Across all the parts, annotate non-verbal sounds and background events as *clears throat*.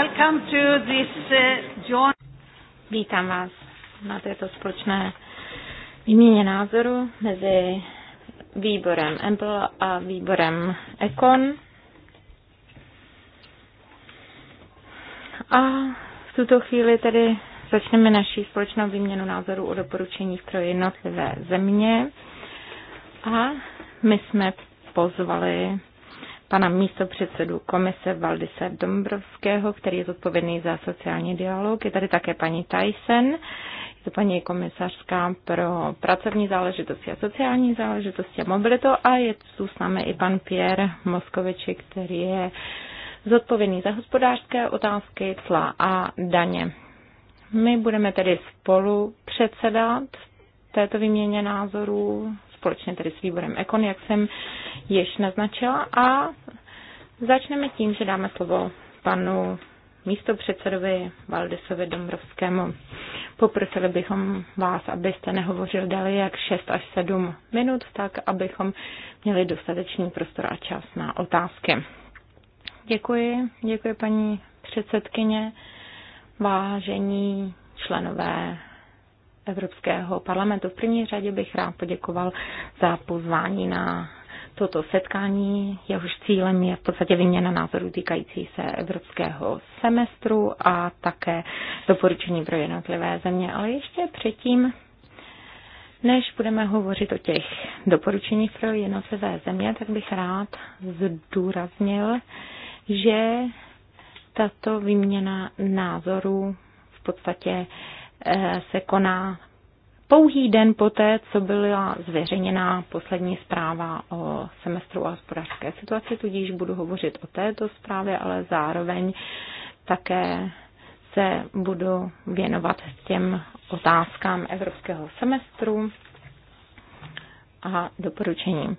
Welcome to this uh, joint... Vítám vás na této společné výměně názoru mezi výborem EMPL a výborem Econ. A v tuto chvíli tedy začneme naší společnou výměnu názoru o doporučeních pro jednotlivé země. A my jsme pozvali pana místopředsedu komise Valdise Dombrovského, který je zodpovědný za sociální dialog. Je tady také paní Tyson, je to paní komisařská pro pracovní záležitosti a sociální záležitosti a mobilitu a je tu s námi i pan Pierre Moskoviči, který je zodpovědný za hospodářské otázky, cla a daně. My budeme tedy spolu předsedat této výměně názorů společně tedy s výborem Ekon, jak jsem již naznačila. A začneme tím, že dáme slovo panu místopředsedovi Valdesovi Dombrovskému. Poprosili bychom vás, abyste nehovořil déle jak 6 až 7 minut, tak abychom měli dostatečný prostor a čas na otázky. Děkuji, děkuji paní předsedkyně, vážení členové Evropského parlamentu. V první řadě bych rád poděkoval za pozvání na toto setkání, jehož cílem je v podstatě vyměna názorů týkající se evropského semestru a také doporučení pro jednotlivé země. Ale ještě předtím, než budeme hovořit o těch doporučeních pro jednotlivé země, tak bych rád zdůraznil, že tato výměna názorů v podstatě Eh, se koná pouhý den poté, co byla zveřejněna poslední zpráva o semestru a hospodářské situaci, tudíž budu hovořit o této zprávě, ale zároveň také se budu věnovat těm otázkám evropského semestru a doporučením.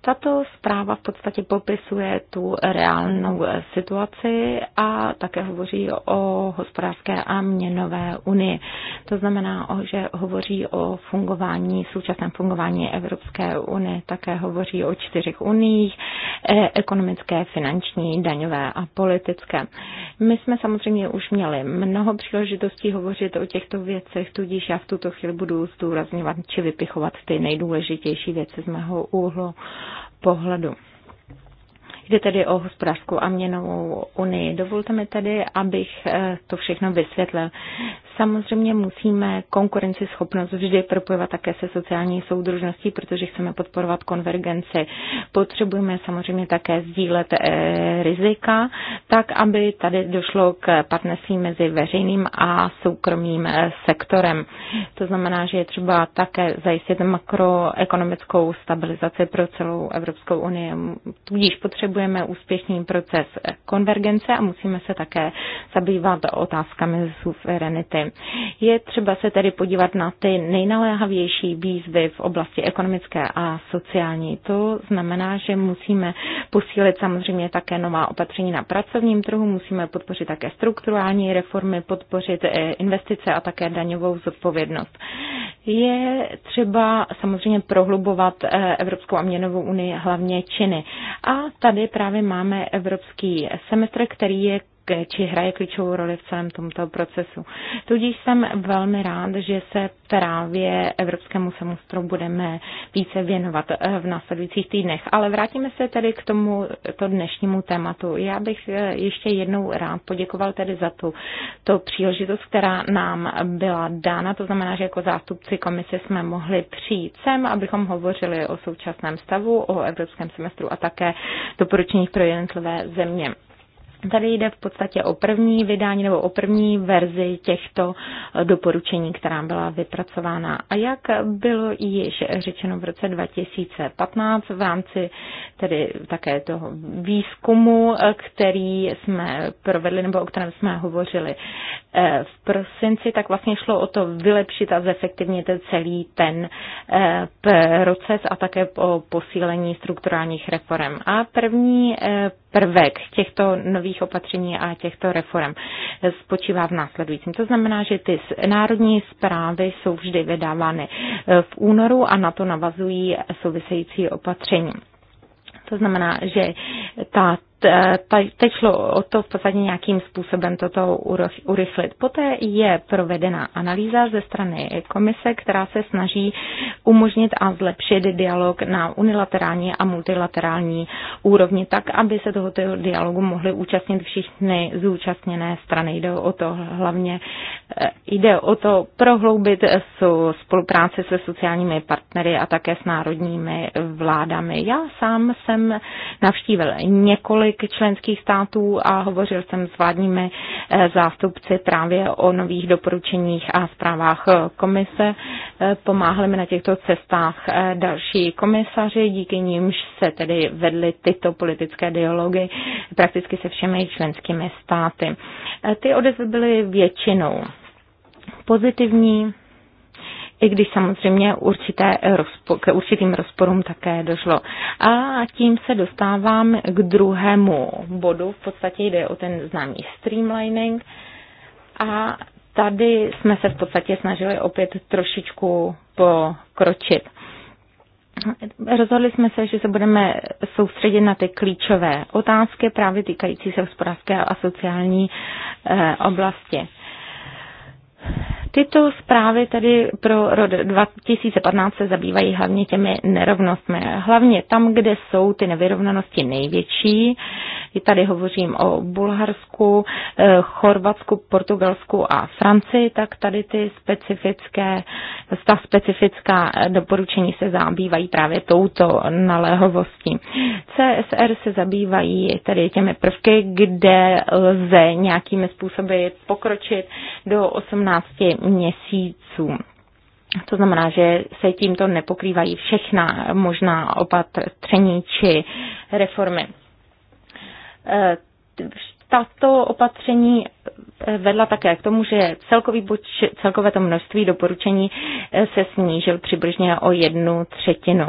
Tato zpráva v podstatě popisuje tu reálnou situaci a také hovoří o hospodářské a měnové unii. To znamená, že hovoří o fungování, současném fungování Evropské unie, také hovoří o čtyřech uniích, e, ekonomické, finanční, daňové a politické. My jsme samozřejmě už měli mnoho příležitostí hovořit o těchto věcech, tudíž já v tuto chvíli budu zdůrazňovat či vypichovat ty nejdůležitější věci z mého úhlu pohledu. Jde tedy o hospodářskou a měnovou unii. Dovolte mi tedy, abych eh, to všechno vysvětlil. Samozřejmě musíme konkurenceschopnost vždy propojovat také se sociální soudržností, protože chceme podporovat konvergenci. Potřebujeme samozřejmě také sdílet eh, rizika, tak aby tady došlo k partnerství mezi veřejným a soukromým eh, sektorem. To znamená, že je třeba také zajistit makroekonomickou stabilizaci pro celou Evropskou unii. Tudíž potřebujeme potřebujeme úspěšný proces konvergence a musíme se také zabývat otázkami suverenity. Je třeba se tedy podívat na ty nejnaléhavější výzvy v oblasti ekonomické a sociální. To znamená, že musíme posílit samozřejmě také nová opatření na pracovním trhu, musíme podpořit také strukturální reformy, podpořit investice a také daňovou zodpovědnost je třeba samozřejmě prohlubovat eh, Evropskou a měnovou unii, hlavně Činy. A tady právě máme Evropský semestr, který je či hraje klíčovou roli v celém tomto procesu. Tudíž jsem velmi rád, že se právě Evropskému semestru budeme více věnovat eh, v následujících týdnech. Ale vrátíme se tedy k tomu to dnešnímu tématu. Já bych eh, ještě jednou rád poděkoval tedy za tu, tu příležitost, která nám byla dána. To znamená, že jako zástupci komise jsme mohli přijít sem, abychom hovořili o současném stavu, o evropském semestru a také doporučení pro jednotlivé země. Tady jde v podstatě o první vydání nebo o první verzi těchto eh, doporučení, která byla vypracována. A jak bylo již řečeno v roce 2015 v rámci tedy také toho výzkumu, eh, který jsme provedli nebo o kterém jsme hovořili eh, v prosinci, tak vlastně šlo o to vylepšit a zefektivnit celý ten proces a také o posílení strukturálních reform. A první prvek těchto nových nových opatření a těchto reform spočívá v následujícím. To znamená, že ty národní zprávy jsou vždy vydávány e, v únoru a na to navazují související opatření. To znamená, že ta teď šlo o to v podstatě nějakým způsobem toto urychlit. Poté je provedena analýza ze strany komise, která se snaží umožnit a zlepšit dialog na unilaterální a multilaterální úrovni tak, aby se tohoto dialogu mohly účastnit všichni zúčastněné strany. Jde o to hlavně, eh, jde o to prohloubit spolupráci se sociálními partnery a také s národními vládami. Já sám jsem navštívil několik několik členských států a hovořil jsem s vládními eh, zástupci právě o nových doporučeních a zprávách komise. Eh, Pomáhli mi na těchto cestách eh, další komisaři, díky nímž se tedy vedly tyto politické dialogy prakticky se všemi členskými státy. Ty odezvy byly většinou pozitivní, i když samozřejmě určité, k určitým rozporům také došlo. A tím se dostávám k druhému bodu, v podstatě jde o ten známý streamlining a tady jsme se v podstatě snažili opět trošičku pokročit. Rozhodli jsme se, že se budeme soustředit na ty klíčové otázky právě týkající se hospodářské a sociální eh, oblasti. Tyto zprávy tedy pro rok 2015 se zabývají hlavně těmi nerovnostmi. Hlavně tam, kde jsou ty nevyrovnanosti největší. Tady hovořím o Bulharsku, eh, Chorvatsku, Portugalsku a Francii, tak tady ty specifické, ta specifická eh, doporučení se zabývají právě touto naléhovostí. CSR se zabývají tedy těmi prvky, kde lze nějakými způsoby pokročit do 18 měsíců. To znamená, že se tímto nepokrývají všechna možná opatření či reformy. E, tato opatření vedla také k tomu, že celkový buď, celkové to množství doporučení se snížil přibližně o jednu třetinu.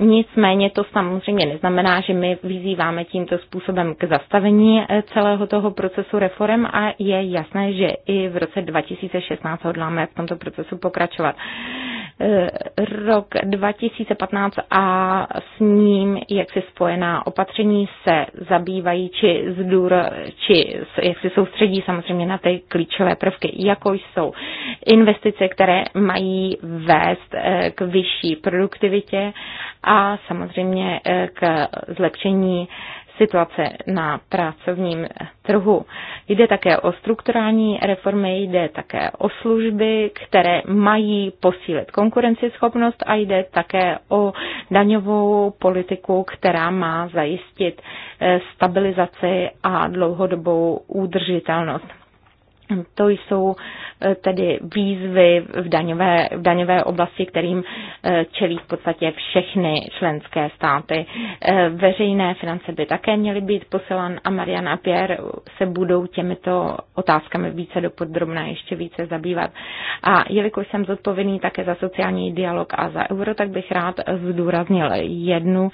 Nicméně to samozřejmě neznamená, že my vyzýváme tímto způsobem k zastavení eh, celého toho procesu reform a je jasné, že i v roce 2016 hodláme v tomto procesu pokračovat rok 2015 a s ním, jak si spojená opatření se zabývají, či zdůr, či jak si soustředí samozřejmě na ty klíčové prvky, jako jsou investice, které mají vést eh, k vyšší produktivitě a samozřejmě eh, k zlepšení situace na pracovním trhu. Jde také o strukturální reformy, jde také o služby, které mají posílit konkurenceschopnost a jde také o daňovou politiku, která má zajistit eh, stabilizaci a dlouhodobou udržitelnost. To jsou eh, tedy výzvy v daňové, v daňové oblasti, kterým eh, čelí v podstatě všechny členské státy. Eh, veřejné finance by také měly být posilan a Mariana Pierre se budou těmito otázkami více dopodrobná ještě více zabývat. A jelikož jsem zodpovědný také za sociální dialog a za euro, tak bych rád zdůraznil jednu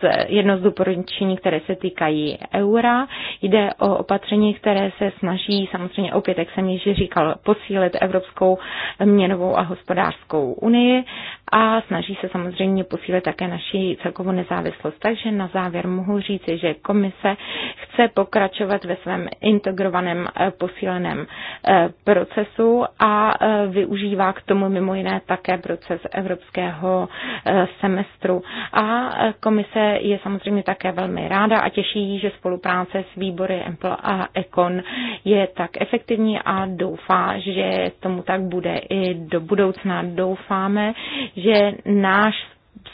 z, jedno z doporučení, které se týkají eura. Jde o opatření, které se snaží samozřejmě opět, jak jsem již říkal, posílit Evropskou měnovou a hospodářskou unii a snaží se samozřejmě posílit také naši celkovou nezávislost. Takže na závěr mohu říci, že komise chce pokračovat ve svém integrovaném eh, posíleném eh, procesu a eh, využívá k tomu mimo jiné také proces evropského semestru. A komise je samozřejmě také velmi ráda a těší, že spolupráce s výbory EMPL a ECON je tak efektivní efektivní a doufá, že tomu tak bude i do budoucna. Doufáme, že náš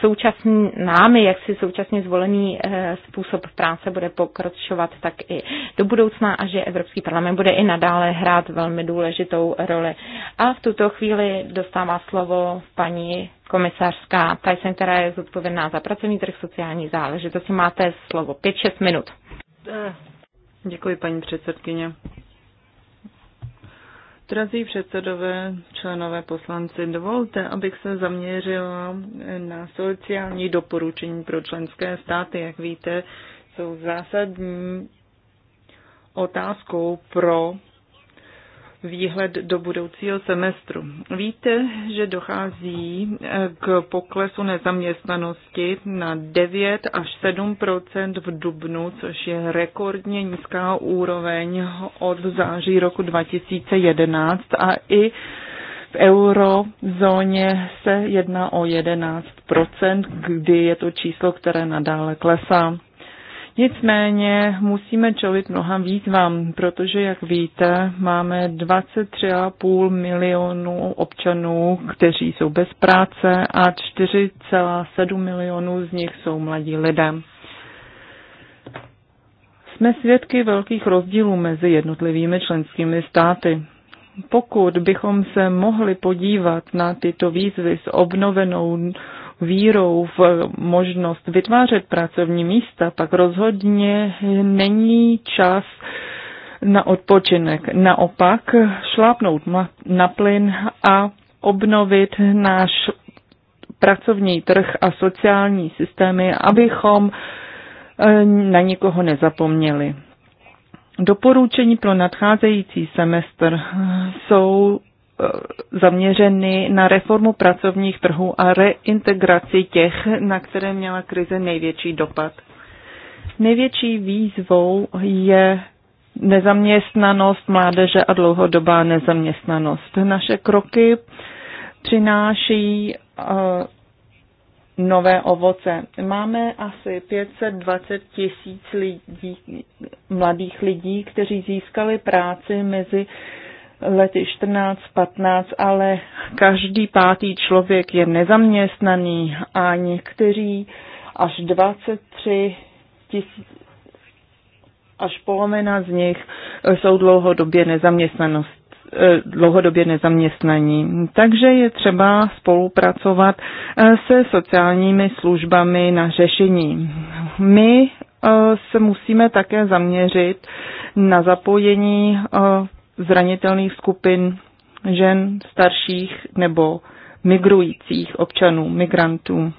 současný, námi, jak si současně zvolený eh, způsob práce bude pokročovat, tak i do budoucna a že Evropský parlament bude i nadále hrát velmi důležitou roli. A v tuto chvíli dostává slovo paní komisařská Tyson, která je zodpovědná za pracovní trh sociální záležitosti. Máte slovo 5-6 minut. Eh, děkuji, paní předsedkyně. Drazí předsedové, členové poslanci, dovolte, abych se zaměřila na sociální doporučení pro členské státy. Jak víte, jsou zásadní otázkou pro výhled do budoucího semestru. Víte, že dochází eh, k poklesu nezaměstnanosti na 9 až 7 v dubnu, což je rekordně nízká úroveň od září roku 2011 a i v eurozóně se jedná o 11 kdy je to číslo, které nadále klesá. Nicméně musíme čelit mnoha výzvám, protože, jak víte, máme 23,5 milionů občanů, kteří jsou bez práce a 4,7 milionů z nich jsou mladí lidé. Jsme svědky velkých rozdílů mezi jednotlivými členskými státy. Pokud bychom se mohli podívat na tyto výzvy s obnovenou vírou v možnost vytvářet pracovní místa, pak rozhodně není čas na odpočinek. Naopak šlápnout na plyn a obnovit náš pracovní trh a sociální systémy, abychom eh, na nikoho nezapomněli. Doporučení pro nadcházející semestr jsou zaměřeny na reformu pracovních trhů a reintegraci těch, na které měla krize největší dopad. Největší výzvou je nezaměstnanost mládeže a dlouhodobá nezaměstnanost. Naše kroky přináší eh, nové ovoce. Máme asi 520 tisíc lidí, mladých lidí, kteří získali práci mezi lety 14, 15, ale každý pátý člověk je nezaměstnaný a někteří až 23 tisíc, až polovina z nich jsou dlouhodobě nezaměstnanost eh, dlouhodobě nezaměstnaní. Takže je třeba spolupracovat eh, se sociálními službami na řešení. My eh, se musíme také zaměřit na zapojení zranitelných skupin žen, starších nebo migrujících občanů, migrantů.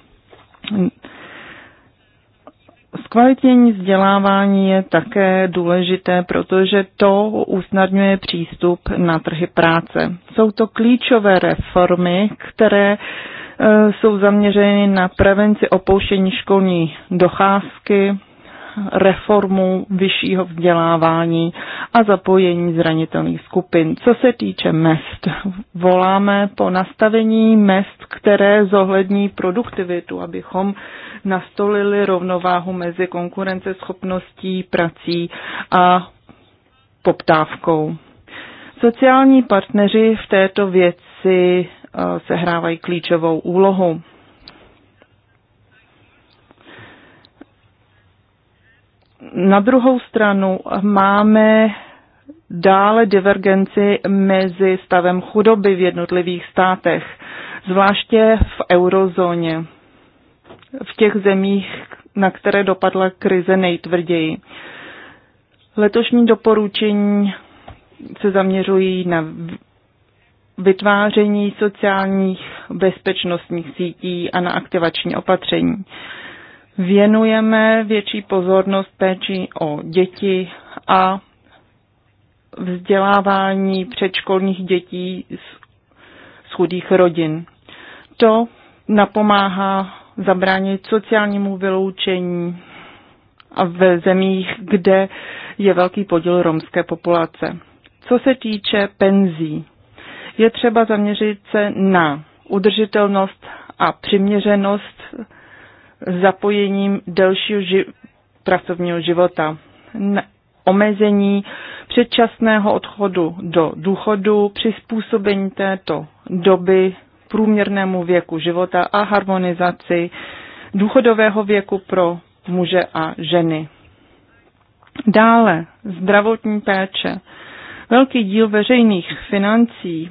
Zkvalitnění vzdělávání je také důležité, protože to usnadňuje přístup na trhy práce. Jsou to klíčové reformy, které e, jsou zaměřeny na prevenci opouštění školní docházky, reformu vyššího vzdělávání a zapojení zranitelných skupin. Co se týče mest, voláme po nastavení mest, které zohlední produktivitu, abychom nastolili rovnováhu mezi konkurenceschopností, prací a poptávkou. Sociální partneři v této věci eh, sehrávají klíčovou úlohu. Na druhou stranu máme dále divergenci mezi stavem chudoby v jednotlivých státech, zvláště v eurozóně, v těch zemích, na které dopadla krize nejtvrději. Letošní doporučení se zaměřují na vytváření sociálních bezpečnostních sítí a na aktivační opatření věnujeme větší pozornost péči o děti a vzdělávání předškolních dětí z chudých rodin. To napomáhá zabránit sociálnímu vyloučení a ve zemích, kde je velký podíl romské populace. Co se týče penzí, je třeba zaměřit se na udržitelnost a přiměřenost zapojením delšího ži- pracovního života, omezení předčasného odchodu do důchodu, přizpůsobení této doby průměrnému věku života a harmonizaci důchodového věku pro muže a ženy. Dále zdravotní péče. Velký díl veřejných financí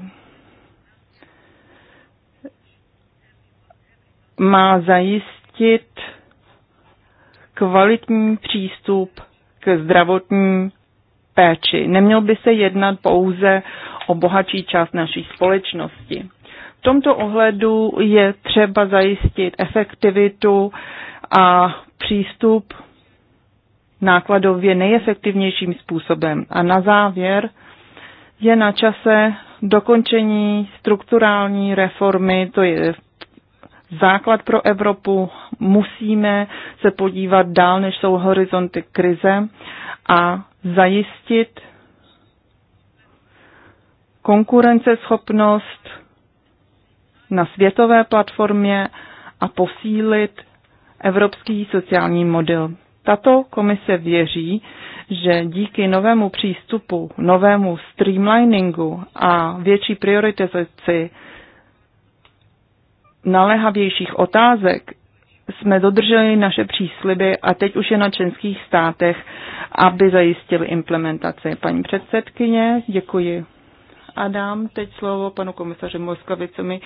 má zajistit zajistit kvalitní přístup k zdravotní péči. Neměl by se jednat pouze o bohatší část naší společnosti. V tomto ohledu je třeba zajistit efektivitu a přístup nákladově nejefektivnějším způsobem. A na závěr je na čase dokončení strukturální reformy, to je základ pro Evropu, musíme se podívat dál, než jsou horizonty krize a zajistit konkurenceschopnost na světové platformě a posílit evropský sociální model. Tato komise věří, že díky novému přístupu, novému streamliningu a větší prioritizaci naléhavějších otázek jsme dodrželi naše přísliby a teď už je na členských státech, aby zajistili implementaci. Paní předsedkyně, děkuji. A dám teď slovo panu komisaři Moskavicovi,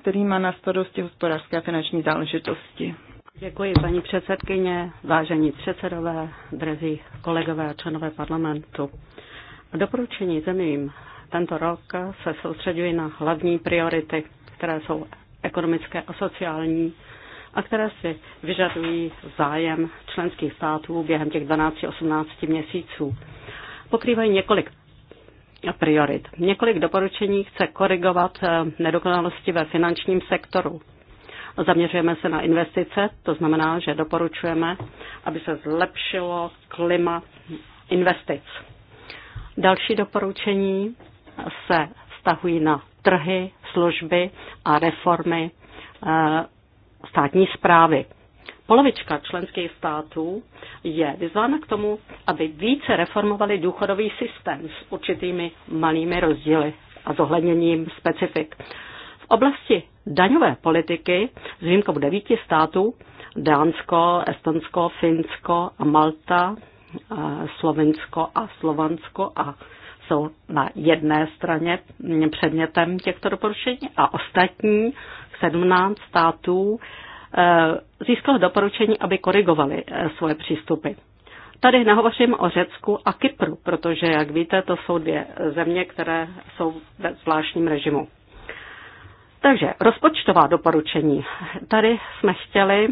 který má na starosti hospodářské a finanční záležitosti. Děkuji, paní předsedkyně, vážení předsedové, drazí kolegové a členové parlamentu. Doporučení zemím tento rok se soustředí na hlavní priority, které jsou ekonomické a sociální a které si vyžadují zájem členských států během těch 12-18 měsíců. Pokrývají několik priorit. Několik doporučení chce korigovat eh, nedokonalosti ve finančním sektoru. Zaměřujeme se na investice, to znamená, že doporučujeme, aby se zlepšilo klima investic. Další doporučení se vztahují na trhy, služby a reformy eh, státní zprávy. Polovička členských států je vyzvána k tomu, aby více reformovali důchodový systém s určitými malými rozdíly a zohledněním specifik. V oblasti daňové politiky s výjimkou devíti států Dánsko, Estonsko, Finsko a Malta, eh, Slovensko a Slovansko a jsou na jedné straně předmětem těchto doporučení a ostatní 17 států eh, získalo doporučení, aby korigovali eh, svoje přístupy. Tady nehovořím o Řecku a Kypru, protože, jak víte, to jsou dvě země, které jsou ve zvláštním režimu. Takže rozpočtová doporučení. Tady jsme chtěli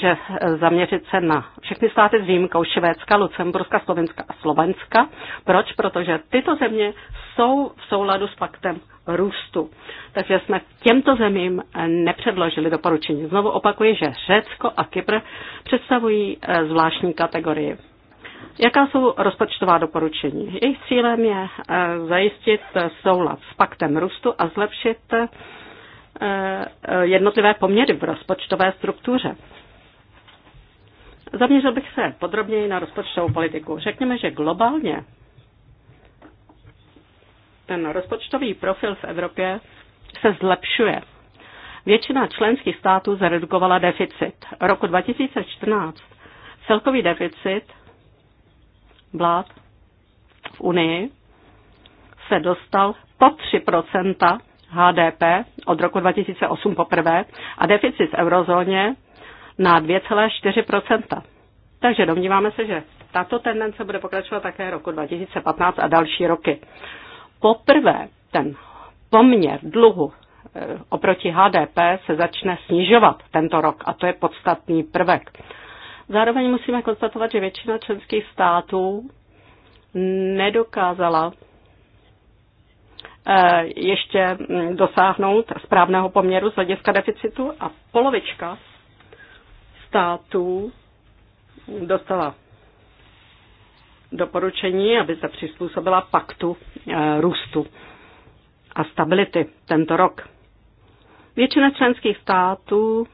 že zaměřit se na všechny státy s výjimkou Švédska, Lucemburska, Slovenska a Slovenska. Proč? Protože tyto země jsou v souladu s paktem růstu. Takže jsme těmto zemím nepředložili doporučení. Znovu opakuji, že Řecko a Kypr představují eh, zvláštní kategorii. Jaká jsou rozpočtová doporučení? Jejich cílem je eh, zajistit eh, soulad s paktem růstu a zlepšit Eh, jednotlivé poměry v rozpočtové struktuře. Zaměřil bych se podrobněji na rozpočtovou politiku. Řekněme, že globálně ten rozpočtový profil v Evropě se zlepšuje. Většina členských států zredukovala deficit. Roku 2014 celkový deficit vlád v Unii se dostal pod 3 HDP od roku 2008 poprvé a deficit v eurozóně na 2,4 Takže domníváme se, že tato tendence bude pokračovat také roku 2015 a další roky. Poprvé ten poměr dluhu eh, oproti HDP se začne snižovat tento rok a to je podstatný prvek. Zároveň musíme konstatovat, že většina členských států nedokázala Eh, ještě mm, dosáhnout správného poměru z hlediska deficitu a polovička států dostala doporučení, aby se přizpůsobila paktu eh, růstu a stability tento rok. Většina členských států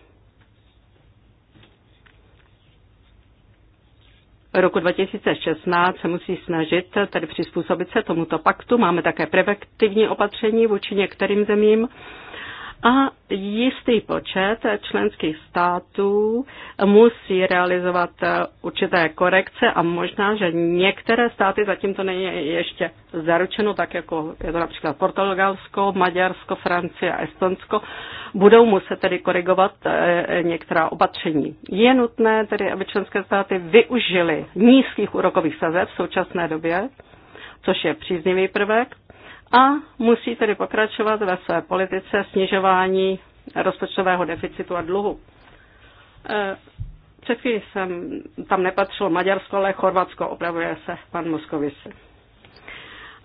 roku 2016 se musí snažit tedy přizpůsobit se tomuto paktu. Máme také preventivní opatření vůči některým zemím a jistý počet členských států musí realizovat eh, určité korekce a možná, že některé státy zatím to není ještě zaručeno, tak jako je to například Portugalsko, Maďarsko, Francie a Estonsko, budou muset tedy korigovat eh, některá opatření. Je nutné tedy, aby členské státy využily nízkých úrokových sazeb v současné době, což je příznivý prvek, a musí tedy pokračovat ve své politice snižování rozpočtového deficitu a dluhu. E, před chvíli jsem, tam nepatřil Maďarsko, ale Chorvatsko, opravuje se pan Moskovic.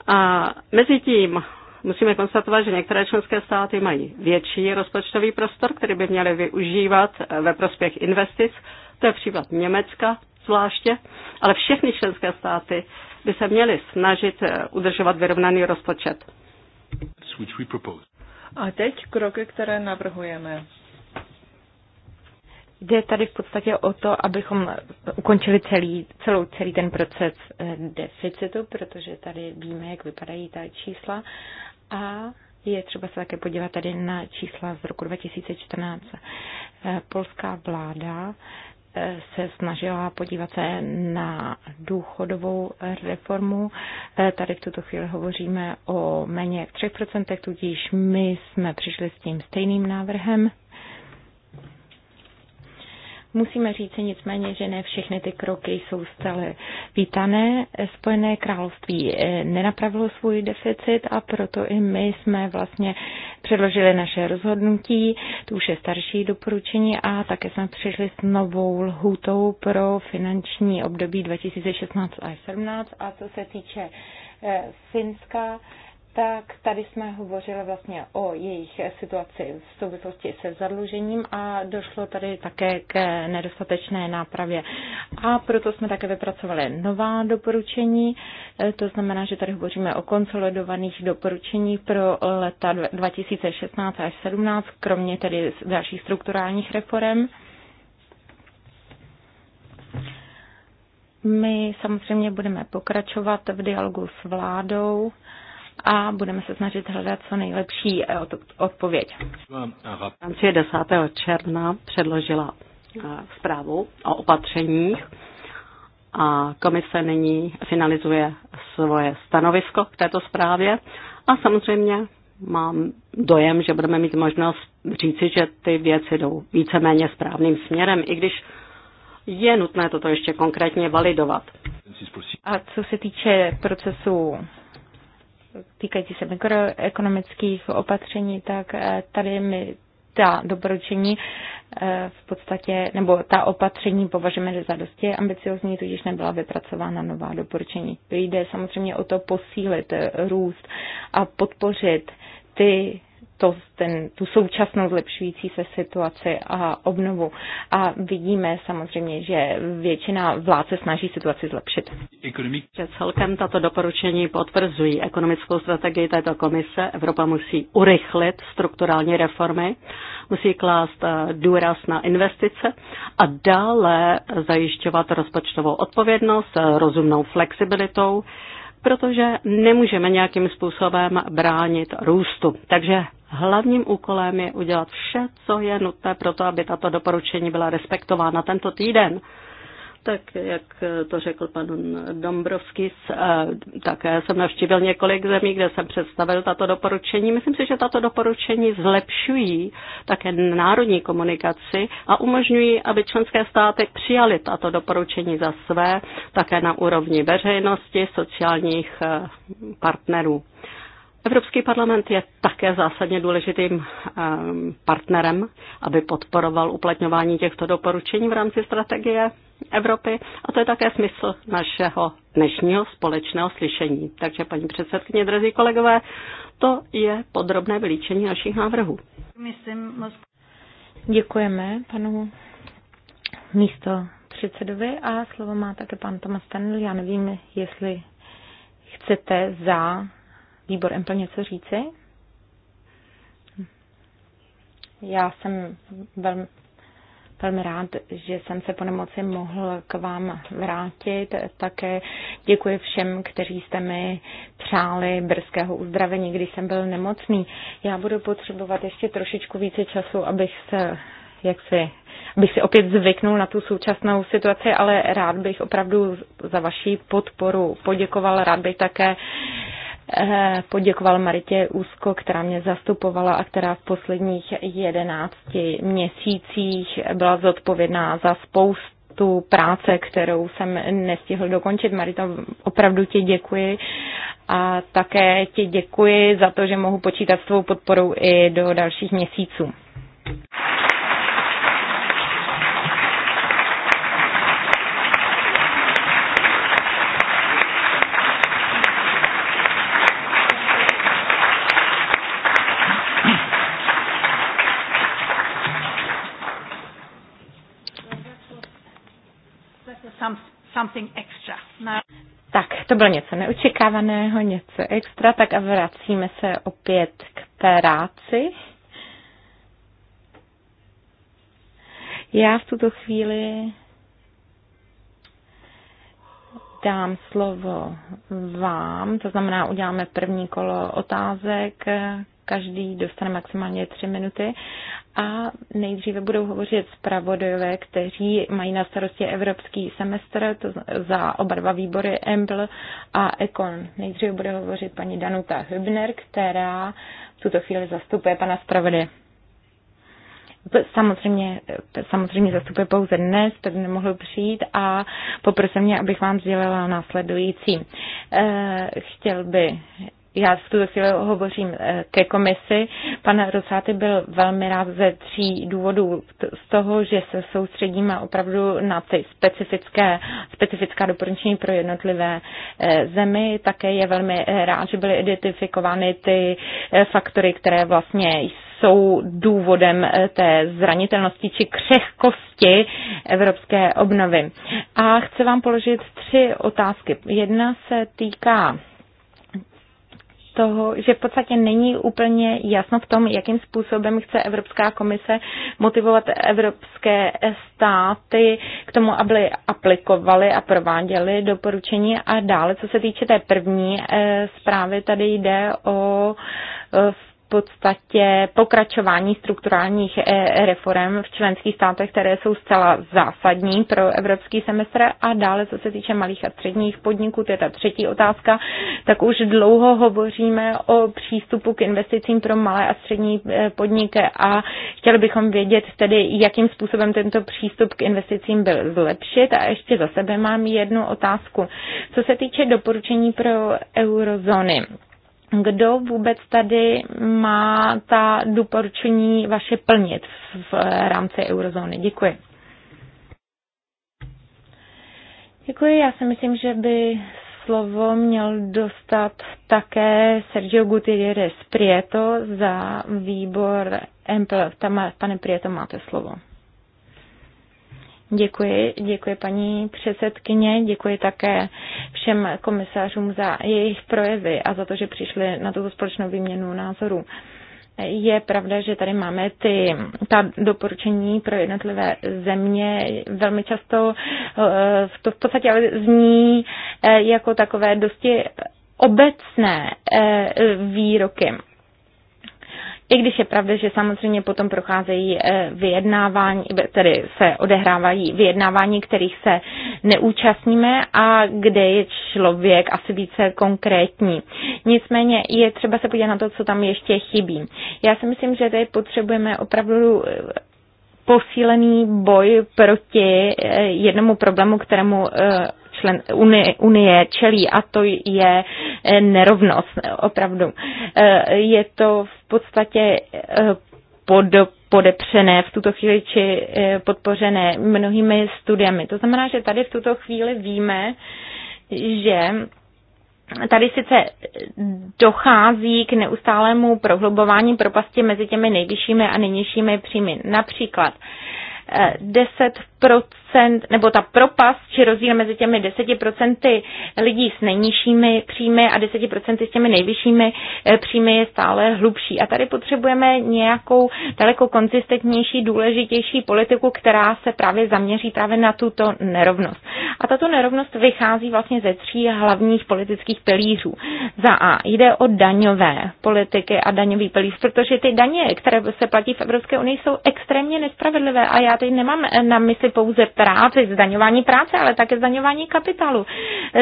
A mezi tím musíme konstatovat, že některé členské státy mají větší rozpočtový prostor, který by měly využívat ve prospěch investic. To je případ Německa zvláště, ale všechny členské státy by se měli snažit eh, udržovat vyrovnaný rozpočet. A teď kroky, které navrhujeme. Jde tady v podstatě o to, abychom ukončili celý, celou, celý ten proces eh, deficitu, protože tady víme, jak vypadají ta čísla. A je třeba se také podívat tady na čísla z roku 2014. Eh, polská vláda se snažila podívat se na důchodovou reformu. Eh, tady v tuto chvíli hovoříme o méně jak 3%, tudíž my jsme přišli s tím stejným návrhem. Musíme říct nicméně, že ne všechny ty kroky jsou zcela vítané. Spojené království eh, nenapravilo svůj deficit a proto i my jsme vlastně předložili naše rozhodnutí, to už je starší doporučení a také jsme přišli s novou lhůtou pro finanční období 2016 a 2017 a co se týče eh, Finska, tak tady jsme hovořili vlastně o jejich situaci v souvislosti se zadlužením a došlo tady také k nedostatečné nápravě. A proto jsme také vypracovali nová doporučení, e, to znamená, že tady hovoříme o konsolidovaných doporučení pro leta 2016 až 17, kromě tedy dalších strukturálních reform. My samozřejmě budeme pokračovat v dialogu s vládou a budeme se snažit hledat co nejlepší eh, odpověď. Francie 10. června předložila eh, zprávu o opatřeních a komise nyní finalizuje svoje stanovisko k této zprávě a samozřejmě mám dojem, že budeme mít možnost říci, že ty věci jdou víceméně správným směrem, i když je nutné toto ještě konkrétně validovat. A co se týče procesu týkající se mikroekonomických opatření, tak eh, tady my ta doporučení eh, v podstatě, nebo ta opatření považujeme za dosti ambiciozní, tudíž nebyla vypracována nová doporučení. Jde samozřejmě o to posílit eh, růst a podpořit ty to, ten, tu současnou zlepšující se situaci a obnovu. A vidíme samozřejmě, že většina vlád se snaží situaci zlepšit. Ekonomik. Celkem tato doporučení potvrzují ekonomickou strategii této komise. Evropa musí urychlit strukturální reformy, musí klást eh, důraz na investice a dále zajišťovat rozpočtovou odpovědnost, eh, rozumnou flexibilitou protože nemůžeme nějakým způsobem bránit růstu. Takže hlavním úkolem je udělat vše, co je nutné pro to, aby tato doporučení byla respektována tento týden tak jak to řekl pan Dombrovský, já eh, jsem navštívil několik zemí, kde jsem představil tato doporučení. Myslím si, že tato doporučení zlepšují také národní komunikaci a umožňují, aby členské státy přijaly tato doporučení za své, také na úrovni veřejnosti, sociálních eh, partnerů. Evropský parlament je také zásadně důležitým ehm, partnerem, aby podporoval uplatňování těchto doporučení v rámci strategie Evropy a to je také smysl našeho dnešního společného slyšení. Takže paní předsedkyně, drazí kolegové, to je podrobné vylíčení našich návrhů. Děkujeme panu místo předsedovi a slovo má také pan Tomas Tenl. Já nevím, jestli chcete za výbor Empl něco říci? Já jsem velmi, velmi rád, že jsem se po nemoci mohl k vám vrátit. Také děkuji všem, kteří jste mi přáli brzkého uzdravení, když jsem byl nemocný. Já budu potřebovat ještě trošičku více času, abych se jak si, abych si opět zvyknul na tu současnou situaci, ale rád bych opravdu za vaši podporu poděkoval, rád bych také Eh, poděkoval Maritě Úzko, která mě zastupovala a která v posledních jedenácti měsících byla zodpovědná za spoustu tu práce, kterou jsem nestihl dokončit. Marita, opravdu ti děkuji a také ti děkuji za to, že mohu počítat s tvou podporou i do dalších měsíců. something extra. Now... Tak, to bylo něco neočekávaného, něco extra, tak a vracíme se opět k práci. Já v tuto chvíli dám slovo vám, to znamená, uděláme první kolo otázek každý dostane maximálně tři minuty a nejdříve budou hovořit zpravodajové, kteří mají na starosti evropský semestr to za oba dva výbory EMPL a ECON. Nejdříve bude hovořit paní Danuta Hübner, která v tuto chvíli zastupuje pana zpravodaje. Samozřejmě, samozřejmě zastupuje pouze dnes, tak nemohl přijít a poprosil mě, abych vám sdělila následující. Eh, chtěl by já v tuto chvíli hovořím eh, ke komisi. Pan Rosáty byl velmi rád ze tří důvodů. Z toho, že se soustředíme opravdu na ty specifické, specifická doporučení pro jednotlivé eh, zemi. Také je velmi eh, rád, že byly identifikovány ty faktory, které vlastně jsou důvodem té zranitelnosti či křehkosti evropské obnovy. A chci vám položit tři otázky. Jedna se týká toho, že v podstatě není úplně jasno v tom, jakým způsobem chce Evropská komise motivovat evropské státy k tomu, aby aplikovali a prováděli doporučení. A dále, co se týče té první eh, zprávy, tady jde o v eh, podstatě pokračování strukturálních eh, reform v členských státech, které jsou zcela zásadní pro evropský semestr. A dále, co se týče malých a středních podniků, to je ta třetí otázka, tak už dlouho hovoříme o přístupu k investicím pro malé a střední eh, podniky a chtěli bychom vědět tedy, jakým způsobem tento přístup k investicím byl zlepšit. A ještě za sebe mám jednu otázku. Co se týče doporučení pro eurozóny, kdo vůbec tady má ta doporučení vaše plnit v rámci eurozóny. Děkuji. Děkuji, já si myslím, že by slovo měl dostat také Sergio Gutierrez Prieto za výbor MPL. Tam, pane Prieto, máte slovo. Děkuji, děkuji paní předsedkyně, děkuji také všem komisařům za jejich projevy a za to, že přišli na tuto společnou výměnu názorů. Je pravda, že tady máme ty, ta doporučení pro jednotlivé země. Velmi často eh, to v podstatě ale zní eh, jako takové dosti obecné eh, výroky. I když je pravda, že samozřejmě potom procházejí eh, vyjednávání, eh, tedy se odehrávají vyjednávání, kterých se neúčastníme a kde je člověk asi více konkrétní. Nicméně je třeba se podívat na to, co tam ještě chybí. Já si myslím, že tady potřebujeme opravdu eh, posílený boj proti jednomu problému, kterému člen, unie, unie čelí a to je eh, nerovnost opravdu. Eh, je to v podstatě eh, pod podepřené v tuto chvíli či podpořené mnohými studiemi. To znamená, že tady v tuto chvíli víme, že Tady sice dochází k neustálému prohlubování propasti mezi těmi nejvyššími a nejnižšími příjmy. Například 10 nebo ta propast či rozdíl mezi těmi 10% lidí s nejnižšími příjmy a 10% s těmi nejvyššími eh, příjmy je stále hlubší. A tady potřebujeme nějakou daleko konzistentnější, důležitější politiku, která se právě zaměří právě na tuto nerovnost. A tato nerovnost vychází vlastně ze tří hlavních politických pilířů. Za A jde o daňové politiky a daňový pilíř, protože ty daně, které se platí v Evropské unii, jsou extrémně nespravedlivé a já teď nemám na mysli pouze práci, zdaňování práce, ale také zdaňování kapitálu.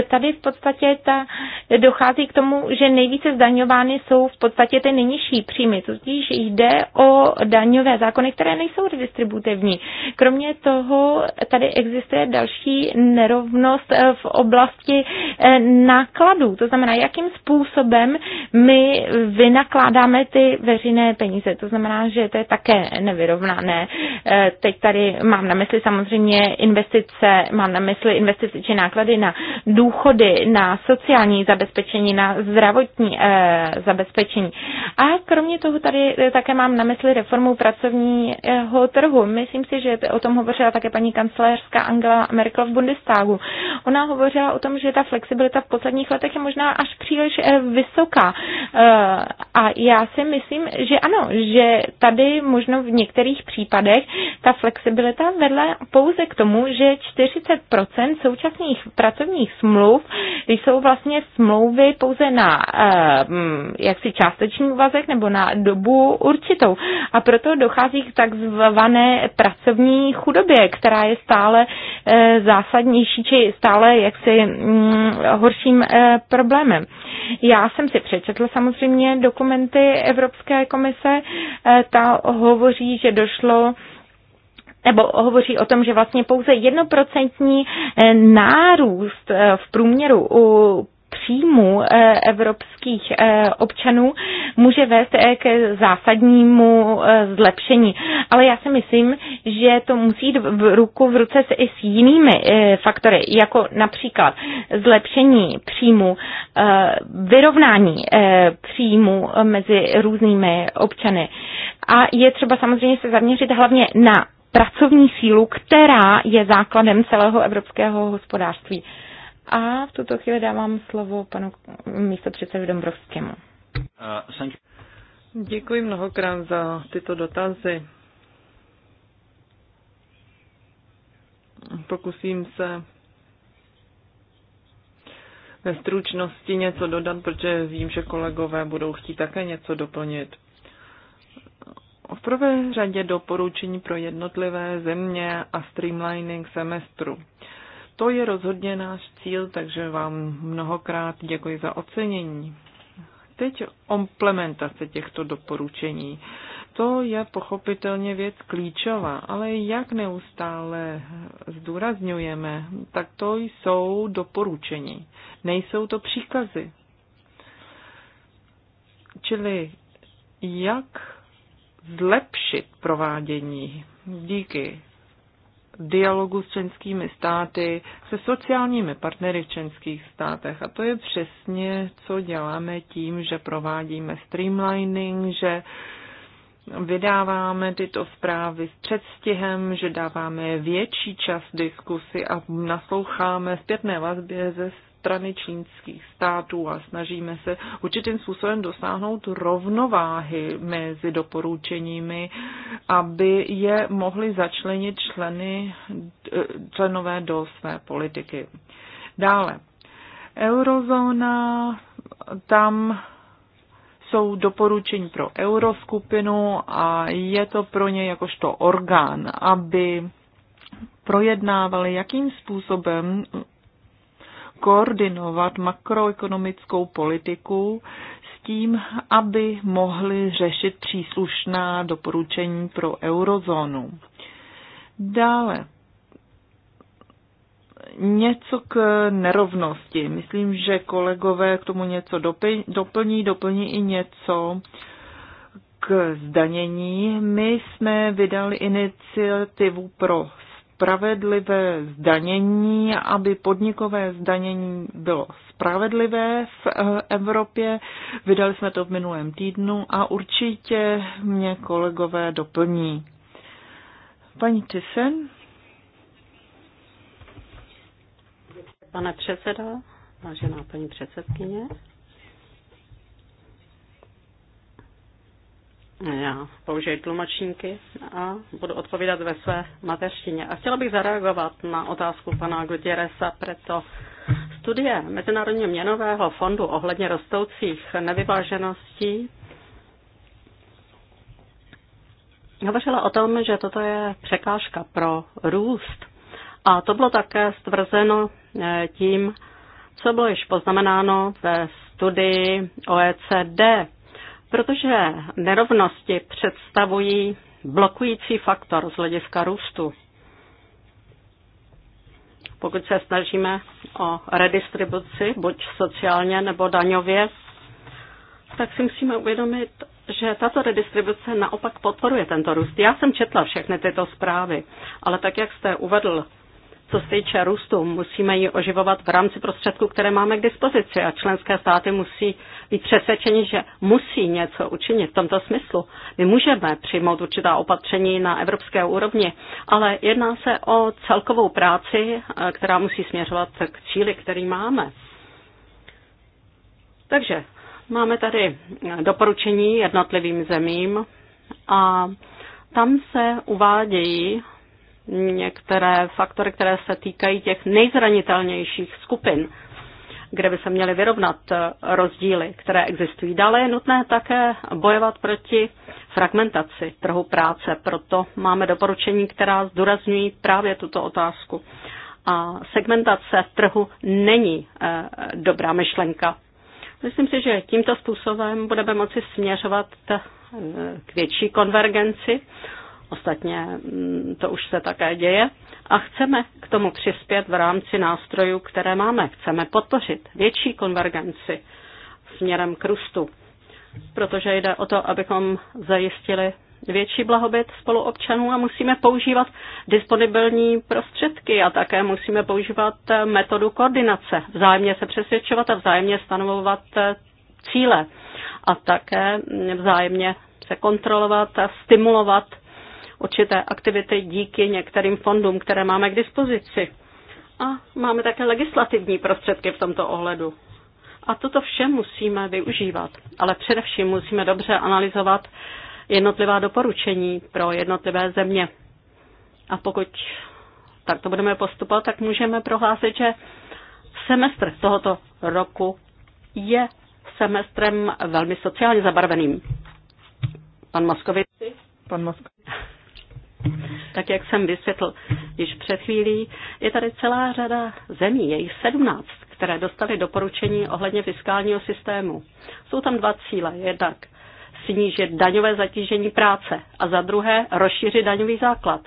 Tady v podstatě ta, dochází k tomu, že nejvíce zdaňovány jsou v podstatě ty nejnižší příjmy, tudíž jde o daňové zákony, které nejsou redistributivní. Kromě toho tady existuje další nerovnost nerovnost eh, v oblasti eh, nákladů. To znamená, jakým způsobem my vynakládáme ty veřejné peníze. To znamená, že to je také nevyrovnané. Eh, teď tady mám na mysli samozřejmě investice, mám na mysli investice či náklady na důchody, na sociální zabezpečení, na zdravotní zabezpečení. A kromě toho tady také mám na mysli reformu pracovního trhu. Myslím si, že o tom hovořila také paní kancelářská Angela Merkel v Bundestagu. Bundestagu. Ona hovořila o tom, že ta flexibilita v posledních letech je možná až příliš eh, vysoká. Eh, a já si myslím, že ano, že tady možno v některých případech ta flexibilita vedla pouze k tomu, že 40% současných pracovních smluv jsou vlastně smlouvy pouze na eh, mm, jaksi částečný úvazek nebo na dobu určitou. A proto dochází k takzvané pracovní chudobě, která je stále zásadní nejrůznější či stále jaksi mm, horším eh, problémem. Já jsem si přečetla samozřejmě dokumenty Evropské komise, eh, ta hovoří, že došlo nebo hovoří o tom, že vlastně pouze jednoprocentní eh, nárůst v průměru u příjmů eh, evropských eh, občanů může vést eh, k zásadnímu zlepšení. Ale já si myslím, že to musí jít v ruku v ruce i s jinými faktory, jako například zlepšení příjmu, vyrovnání příjmu mezi různými občany. A je třeba samozřejmě se zaměřit hlavně na pracovní sílu, která je základem celého evropského hospodářství. A v tuto chvíli dávám slovo panu předsedu Dombrovskému. Uh, Děkuji mnohokrát za tyto dotazy. Pokusím se ve stručnosti něco dodat, protože vím, že kolegové budou chtít také něco doplnit. V prvé řadě doporučení pro jednotlivé země a streamlining semestru. To je rozhodně náš cíl, takže vám mnohokrát děkuji za ocenění. Teď implementace těchto doporučení. To je pochopitelně věc klíčová, ale jak neustále zdůrazňujeme, tak to jsou doporučení. Nejsou to příkazy. Čili jak zlepšit provádění díky dialogu s členskými státy, se sociálními partnery v členských státech. A to je přesně, co děláme tím, že provádíme streamlining, že vydáváme tyto zprávy s předstihem, že dáváme větší čas diskusy a nasloucháme zpětné vazbě ze strany čínských států a snažíme se určitým způsobem dosáhnout rovnováhy mezi doporučeními, aby je mohli začlenit členy, členové do své politiky. Dále, eurozóna, tam jsou doporučení pro euroskupinu a je to pro ně jakožto orgán, aby projednávali, jakým způsobem koordinovat makroekonomickou politiku s tím, aby mohli řešit příslušná doporučení pro eurozónu. Dále něco k nerovnosti. Myslím, že kolegové k tomu něco doplní, doplní i něco k zdanění. My jsme vydali iniciativu pro spravedlivé zdanění, aby podnikové zdanění bylo spravedlivé v eh, Evropě. Vydali jsme to v minulém týdnu a určitě mě kolegové doplní. Paní Tysen. Pane předsedo, vážená paní předsedkyně, Já použiju tlumočníky a budu odpovídat ve své mateřštině. A chtěla bych zareagovat na otázku pana Gutierreza, proto studie Mezinárodního měnového fondu ohledně rostoucích nevyvážeností hovořila o tom, že toto je překážka pro růst. A to bylo také stvrzeno eh, tím, co bylo již poznamenáno ve studii OECD, protože nerovnosti představují blokující faktor z hlediska růstu. Pokud se snažíme o redistribuci, buď sociálně nebo daňově, tak si musíme uvědomit, že tato redistribuce naopak podporuje tento růst. Já jsem četla všechny tyto zprávy, ale tak, jak jste uvedl, co se týče růstu, musíme ji oživovat v rámci prostředků, které máme k dispozici a členské státy musí být přesvědčeni, že musí něco učinit v tomto smyslu. My můžeme přijmout určitá opatření na evropské úrovni, ale jedná se o celkovou práci, která musí směřovat k cíli, který máme. Takže máme tady doporučení jednotlivým zemím a tam se uvádějí některé faktory, které se týkají těch nejzranitelnějších skupin, kde by se měly vyrovnat eh, rozdíly, které existují. Dále je nutné také bojovat proti fragmentaci trhu práce. Proto máme doporučení, která zdůrazňují právě tuto otázku. A segmentace trhu není eh, dobrá myšlenka. Myslím si, že tímto způsobem budeme moci směřovat eh, k větší konvergenci Ostatně mm, to už se také děje a chceme k tomu přispět v rámci nástrojů, které máme. Chceme podpořit větší konvergenci směrem k růstu, protože jde o to, abychom zajistili větší blahobyt spoluobčanů a musíme používat disponibilní prostředky a také musíme používat metodu koordinace, vzájemně se přesvědčovat a vzájemně stanovovat cíle a také vzájemně se kontrolovat a stimulovat určité aktivity díky některým fondům, které máme k dispozici. A máme také legislativní prostředky v tomto ohledu. A toto vše musíme využívat, ale především musíme dobře analyzovat jednotlivá doporučení pro jednotlivé země. A pokud tak to budeme postupovat, tak můžeme prohlásit, že semestr tohoto roku je semestrem velmi sociálně zabarveným. Pan Moskovici? Pan Moskovici. Tak jak jsem vysvětl již před chvílí, je tady celá řada zemí, jejich 17, které dostaly doporučení ohledně fiskálního systému. Jsou tam dva cíle. Jednak snížit daňové zatížení práce a za druhé rozšířit daňový základ.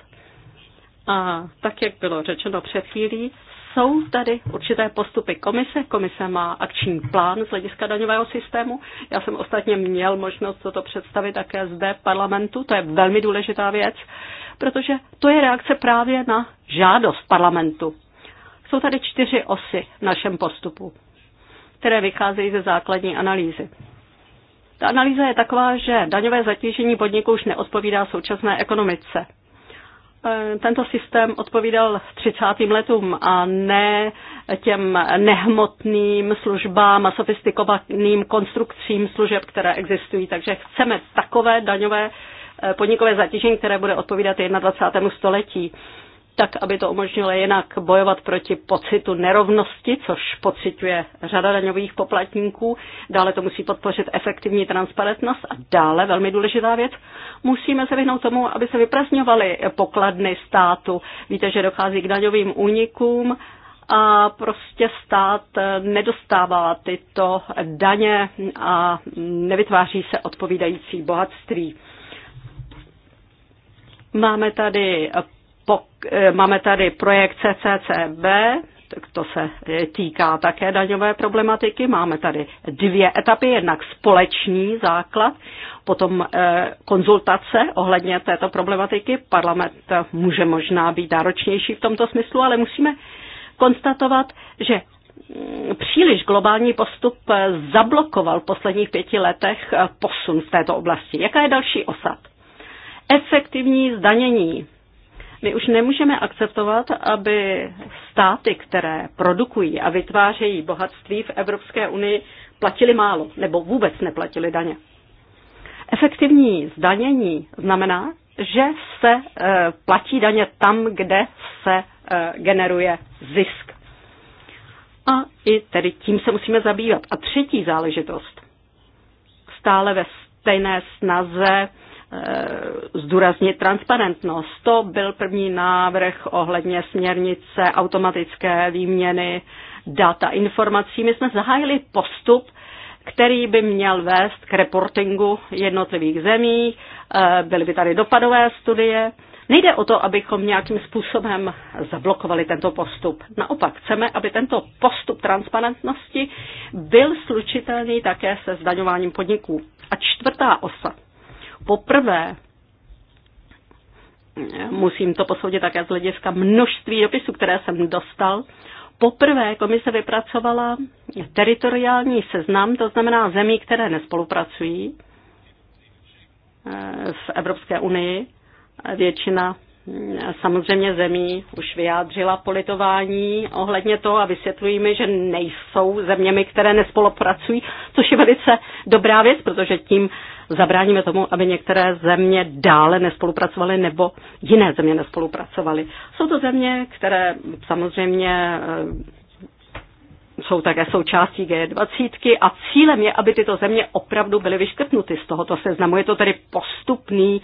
A tak, jak bylo řečeno před chvílí, jsou tady určité postupy komise, komise má akční plán z hlediska daňového systému. Já jsem ostatně měl možnost toto představit také zde v parlamentu, to je velmi důležitá věc, protože to je reakce právě na žádost parlamentu. Jsou tady čtyři osy v našem postupu, které vycházejí ze základní analýzy. Ta analýza je taková, že daňové zatížení podniků už neodpovídá současné ekonomice. Eh, tento systém odpovídal 30. letům a ne těm nehmotným službám a sofistikovaným konstrukcím služeb, které existují. Takže chceme takové daňové eh, podnikové zatížení, které bude odpovídat 21. století tak aby to umožnilo jinak bojovat proti pocitu nerovnosti, což pocituje řada daňových poplatníků. Dále to musí podpořit efektivní transparentnost a dále, velmi důležitá věc, musíme se vyhnout tomu, aby se vyprazňovaly pokladny státu. Víte, že dochází k daňovým únikům a prostě stát nedostává tyto daně a nevytváří se odpovídající bohatství. Máme tady Eh, máme tady projekt CCCB, to se eh, týká také daňové problematiky. Máme tady dvě etapy, jednak společný základ, potom eh, konzultace ohledně této problematiky. Parlament může možná být náročnější v tomto smyslu, ale musíme konstatovat, že mm, příliš globální postup zablokoval v posledních pěti letech posun v této oblasti. Jaká je další osad? Efektivní zdanění my už nemůžeme akceptovat, aby státy, které produkují a vytvářejí bohatství v Evropské unii, platili málo nebo vůbec neplatili daně. Efektivní zdanění znamená, že se eh, platí daně tam, kde se eh, generuje zisk. A i tedy tím se musíme zabývat. A třetí záležitost. Stále ve stejné snaze Eh, zdůraznit transparentnost. To byl první návrh ohledně směrnice automatické výměny data informací. My jsme zahájili postup, který by měl vést k reportingu jednotlivých zemí, eh, byly by tady dopadové studie. Nejde o to, abychom nějakým způsobem zablokovali tento postup. Naopak chceme, aby tento postup transparentnosti byl slučitelný také se zdaňováním podniků. A čtvrtá osa Poprvé musím to posoudit také z hlediska množství dopisů, které jsem dostal. Poprvé komise vypracovala teritoriální seznam, to znamená zemí, které nespolupracují eh, v Evropské unii. Většina eh, samozřejmě zemí už vyjádřila politování ohledně toho a vysvětlují mi, že nejsou zeměmi, které nespolupracují, což je velice dobrá věc, protože tím zabráníme tomu, aby některé země dále nespolupracovaly nebo jiné země nespolupracovaly. Jsou to země, které samozřejmě eh, jsou také součástí G20 a cílem je, aby tyto země opravdu byly vyškrtnuty z tohoto seznamu. Je to tedy postupný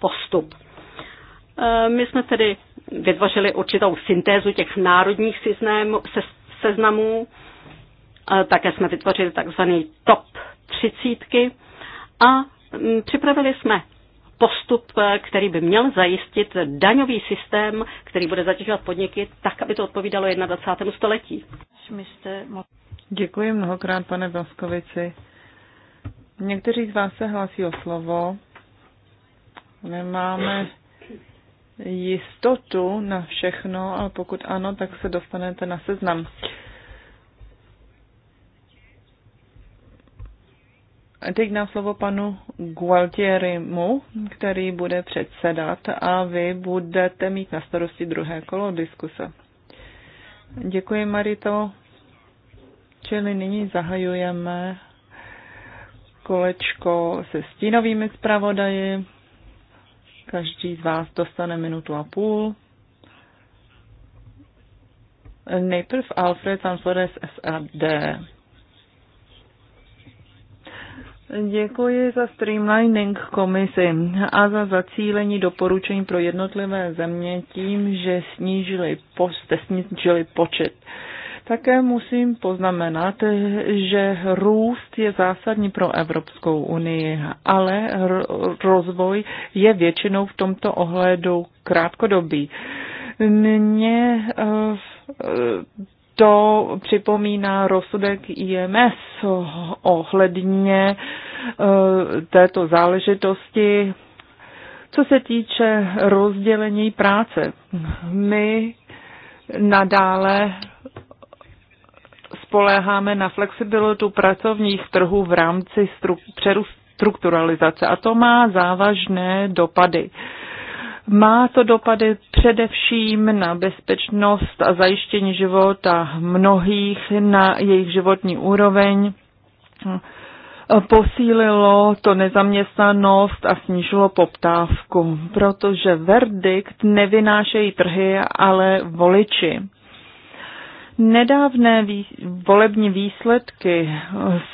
postup. Eh, my jsme tedy vytvořili určitou syntézu těch národních seznamů, se, seznamů. Eh, také jsme vytvořili takzvaný top třicítky a mm, připravili jsme postup, eh, který by měl zajistit daňový systém, který bude zatěžovat podniky tak, aby to odpovídalo 21. století. Děkuji mnohokrát, pane Vaskovici. Někteří z vás se hlásí o slovo. Nemáme jistotu na všechno, ale pokud ano, tak se dostanete na seznam. Teď na slovo panu Gualtierimu, který bude předsedat a vy budete mít na starosti druhé kolo diskuse. Děkuji, Marito. Čili nyní zahajujeme kolečko se stínovými zpravodaji. Každý z vás dostane minutu a půl. Nejprv Alfred Sanfores SAD. Děkuji za streamlining komisi a za zacílení doporučení pro jednotlivé země tím, že snížili, post, snížili počet. Také musím poznamenat, že růst je zásadní pro Evropskou unii, ale rozvoj je většinou v tomto ohledu krátkodobý. Mně eh, to připomíná rozsudek IMS ohledně e, této záležitosti. Co se týče rozdělení práce, my nadále spoléháme na flexibilitu pracovních trhů v rámci stru- přerůstu strukturalizace a to má závažné dopady. Má to dopady především na bezpečnost a zajištění života mnohých, na jejich životní úroveň. Posílilo to nezaměstnanost a snížilo poptávku, protože verdikt nevynášejí trhy, ale voliči. Nedávné vý, volební výsledky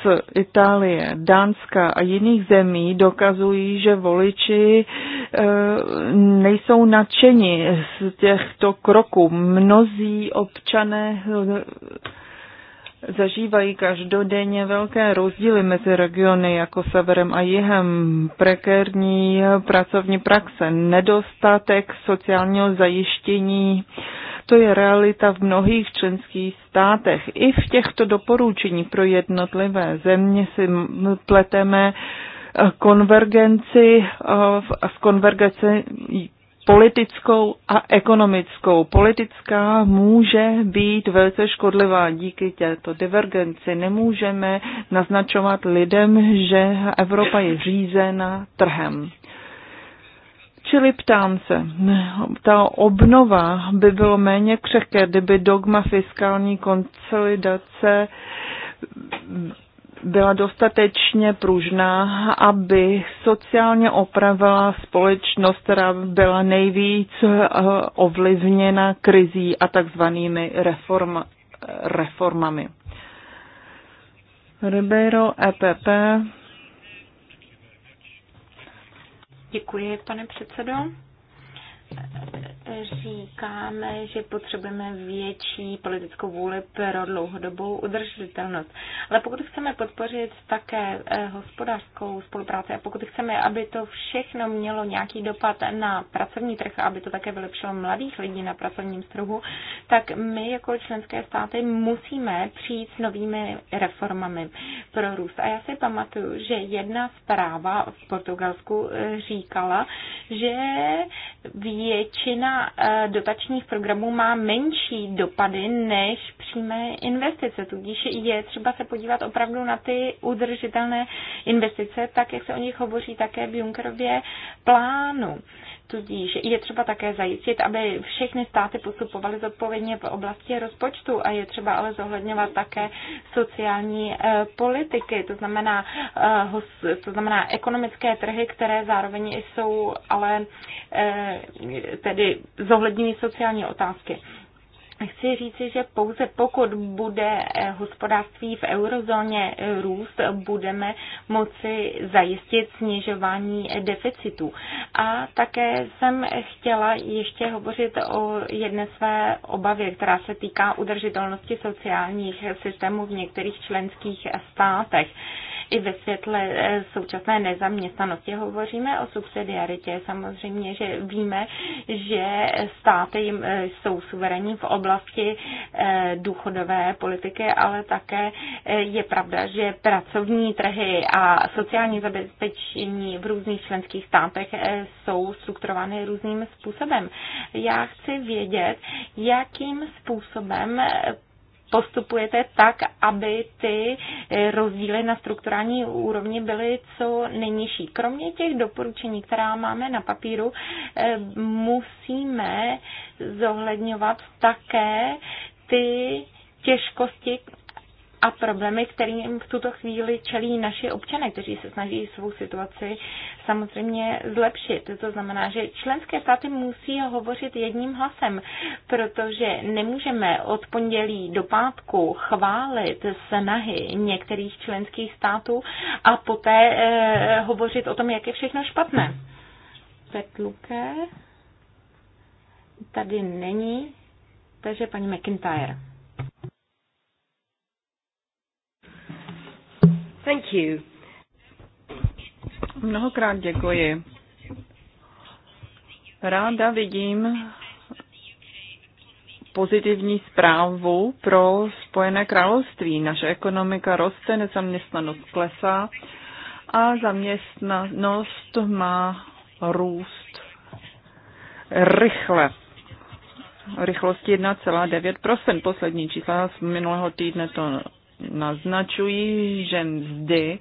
z Itálie, Dánska a jiných zemí dokazují, že voliči e, nejsou nadšeni z těchto kroků. Mnozí občané e, zažívají každodenně velké rozdíly mezi regiony jako severem a jihem, prekérní pracovní praxe, nedostatek sociálního zajištění. To je realita v mnohých členských státech. I v těchto doporučení pro jednotlivé země si pleteme eh, konvergenci s eh, konvergenci politickou a ekonomickou. Politická může být velice škodlivá díky této divergenci. Nemůžeme naznačovat lidem, že Evropa je řízena trhem. Čili ptám se, ta obnova by bylo méně křehké, kdyby dogma fiskální konsolidace byla dostatečně pružná, aby sociálně opravila společnost, která byla nejvíc eh, ovlivněna krizí a takzvanými reform, reformami. Ribeiro EPP. Děkuji, pane předsedo říkáme, že potřebujeme větší politickou vůli pro dlouhodobou udržitelnost. Ale pokud chceme podpořit také eh, hospodářskou spolupráci a pokud chceme, aby to všechno mělo nějaký dopad na pracovní trh, aby to také vylepšilo mladých lidí na pracovním trhu, tak my jako členské státy musíme přijít s novými reformami pro růst. A já si pamatuju, že jedna zpráva v Portugalsku eh, říkala, že ví většina eh, dotačních programů má menší dopady než přímé investice. Tudíž je třeba se podívat opravdu na ty udržitelné investice, tak jak se o nich hovoří také v Junckerově plánu. Tudíž je třeba také zajistit, aby všechny státy postupovaly zodpovědně v oblasti rozpočtu a je třeba ale zohledňovat také sociální eh, politiky, to znamená, eh, to znamená ekonomické trhy, které zároveň jsou ale eh, tedy zohledňují sociální otázky. Chci říci, že pouze pokud bude eh, hospodářství v eurozóně eh, růst, budeme moci zajistit snižování eh, deficitu. A také jsem chtěla ještě hovořit o jedné své obavě, která se týká udržitelnosti sociálních systémů v některých členských státech i ve světle eh, současné nezaměstnanosti. Hovoříme o subsidiaritě. Samozřejmě, že víme, že státy eh, jsou suverénní v oblasti eh, důchodové politiky, ale také je pravda, že pracovní trhy a sociální zabezpečení v různých členských státech jsou strukturovány různým způsobem. Já chci vědět, jakým způsobem postupujete tak, aby ty eh, rozdíly na strukturální úrovni byly co nejnižší. Kromě těch doporučení, která máme na papíru, eh, musíme zohledňovat také ty těžkosti, a problémy, kterým v tuto chvíli čelí naši občané, kteří se snaží svou situaci samozřejmě zlepšit. To znamená, že členské státy musí hovořit jedním hlasem, protože nemůžeme od pondělí do pátku chválit snahy některých členských států a poté eh, hovořit o tom, jak je všechno špatné. Petluke tady není, takže paní McIntyre. Thank you. Mnohokrát děkuji. Ráda vidím pozitivní zprávu pro Spojené království. Naše ekonomika roste, nezaměstnanost klesá a zaměstnanost má růst rychle. Rychlost 1,9%. Poslední čísla z minulého týdne to naznačují, že mzdy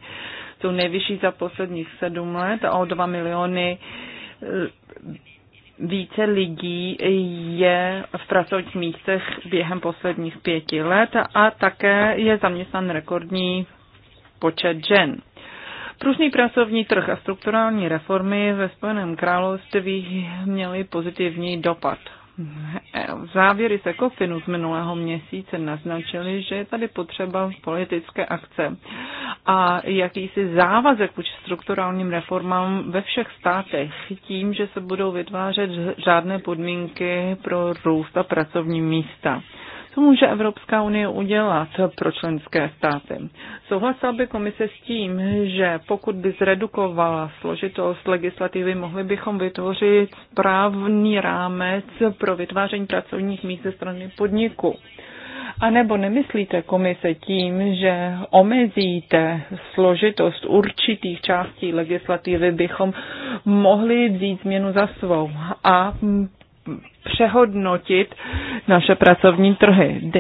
jsou nejvyšší za posledních sedm let a o dva miliony e, více lidí je v pracovních místech během posledních pěti let a také je zaměstnan rekordní počet žen. Pružný pracovní trh a strukturální reformy ve Spojeném království měly pozitivní dopad. Závěry z Ekofinu z minulého měsíce naznačily, že je tady potřeba politické akce a jakýsi závazek k strukturálním reformám ve všech státech tím, že se budou vytvářet řádné podmínky pro růst a pracovní místa. Co může Evropská unie udělat pro členské státy? Souhlasila by komise s tím, že pokud by zredukovala složitost legislativy, mohli bychom vytvořit správný rámec pro vytváření pracovních míst ze strany podniku. A nebo nemyslíte komise tím, že omezíte složitost určitých částí legislativy, bychom mohli vzít změnu za svou a přehodnotit naše pracovní trhy.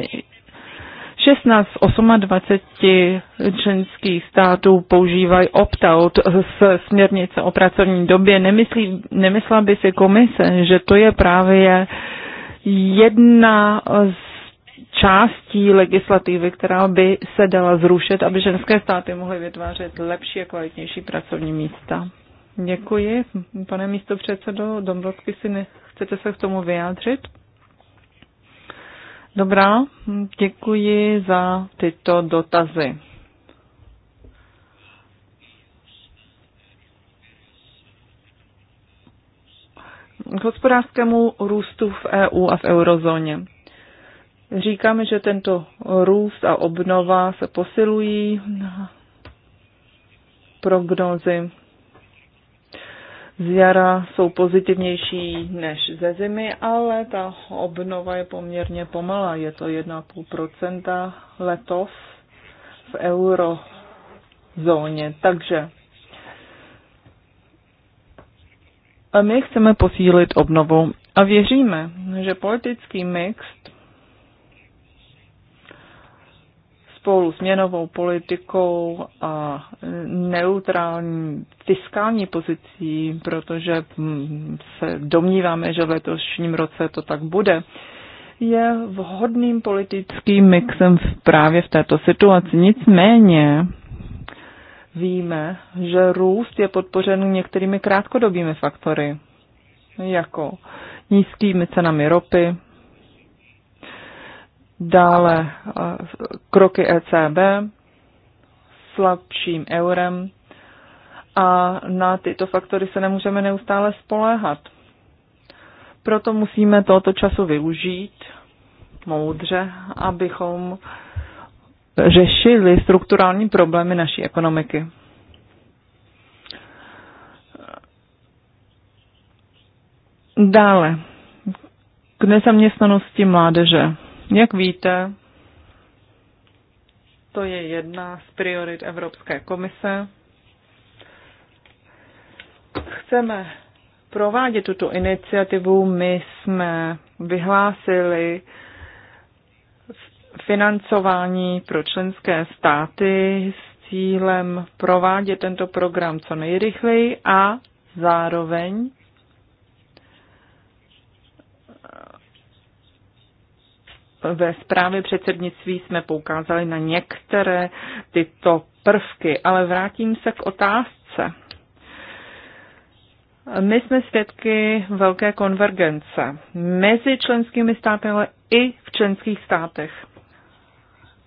16 z 28 členských států používají opt-out z směrnice o pracovní době. Nemyslí, nemyslela by si komise, že to je právě jedna z částí legislativy, která by se dala zrušit, aby ženské státy mohly vytvářet lepší a kvalitnější pracovní místa. Děkuji. Pane místo předsedo, Dombrovsky si ne, Chcete se k tomu vyjádřit? Dobrá, děkuji za tyto dotazy. K hospodářskému růstu v EU a v eurozóně. Říkáme, že tento růst a obnova se posilují prognózy z jara jsou pozitivnější než ze zimy, ale ta obnova je poměrně pomalá. Je to 1,5% letos v eurozóně. Takže a my chceme posílit obnovu a věříme, že politický mix spolu s měnovou politikou a neutrální fiskální pozicí, protože hm, se domníváme, že v letošním roce to tak bude, je vhodným politickým mixem právě v této situaci. Nicméně víme, že růst je podpořen některými krátkodobými faktory, jako nízkými cenami ropy, dále eh, kroky ECB, slabším eurem a na tyto faktory se nemůžeme neustále spoléhat. Proto musíme tohoto času využít moudře, abychom řešili strukturální problémy naší ekonomiky. Dále, k nezaměstnanosti mládeže jak víte, to je jedna z priorit Evropské komise. Chceme provádět tuto iniciativu. My jsme vyhlásili financování pro členské státy s cílem provádět tento program co nejrychleji a zároveň ve zprávě předsednictví jsme poukázali na některé tyto prvky, ale vrátím se k otázce. My jsme svědky velké konvergence mezi členskými státy, ale i v členských státech.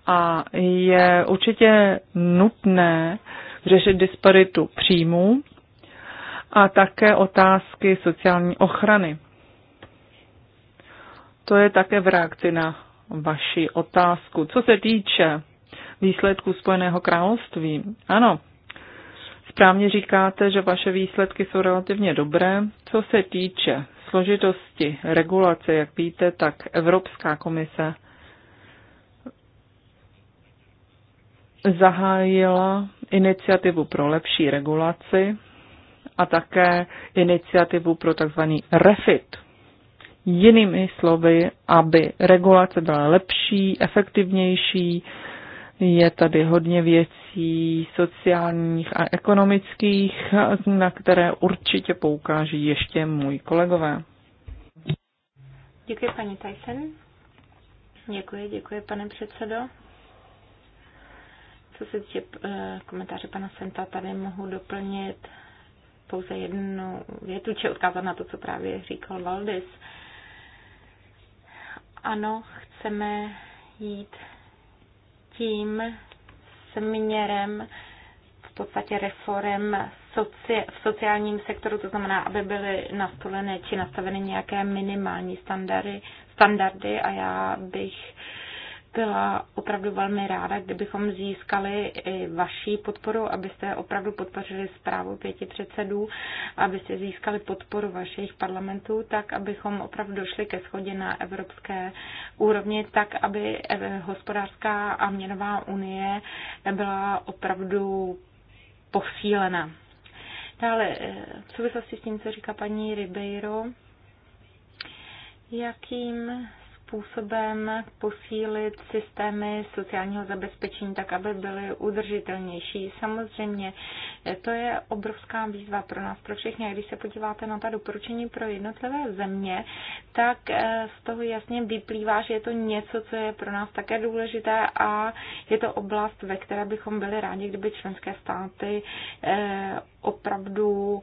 A je určitě nutné řešit disparitu příjmů a také otázky sociální ochrany. To je také v reakci na vaši otázku. Co se týče výsledků Spojeného království, ano, správně říkáte, že vaše výsledky jsou relativně dobré. Co se týče složitosti regulace, jak víte, tak Evropská komise zahájila iniciativu pro lepší regulaci a také iniciativu pro tzv. refit. Jinými slovy, aby regulace byla lepší, efektivnější, je tady hodně věcí sociálních a ekonomických, na které určitě poukáží ještě můj kolegové. Děkuji, paní Tyson. Děkuji, děkuji, pane předsedo. Co se týče eh, komentáře pana Senta, tady mohu doplnit pouze jednu větu, či odkázat na to, co právě říkal Valdis. Ano, chceme jít tím směrem v podstatě reform soci, v sociálním sektoru, to znamená, aby byly nastolené či nastaveny nějaké minimální standardy, standardy a já bych byla opravdu velmi ráda, kdybychom získali i vaší podporu, abyste opravdu podpořili zprávu pěti předsedů, abyste získali podporu vašich parlamentů, tak abychom opravdu došli ke schodě na evropské úrovni, tak aby eh, hospodářská a měnová unie byla opravdu posílena. Dále, eh, v souvislosti s tím, co říká paní Ribeiro, jakým způsobem posílit systémy sociálního zabezpečení tak, aby byly udržitelnější. Samozřejmě to je obrovská výzva pro nás, pro všechny. když se podíváte na ta doporučení pro jednotlivé země, tak eh, z toho jasně vyplývá, že je to něco, co je pro nás také důležité a je to oblast, ve které bychom byli rádi, kdyby členské státy eh, opravdu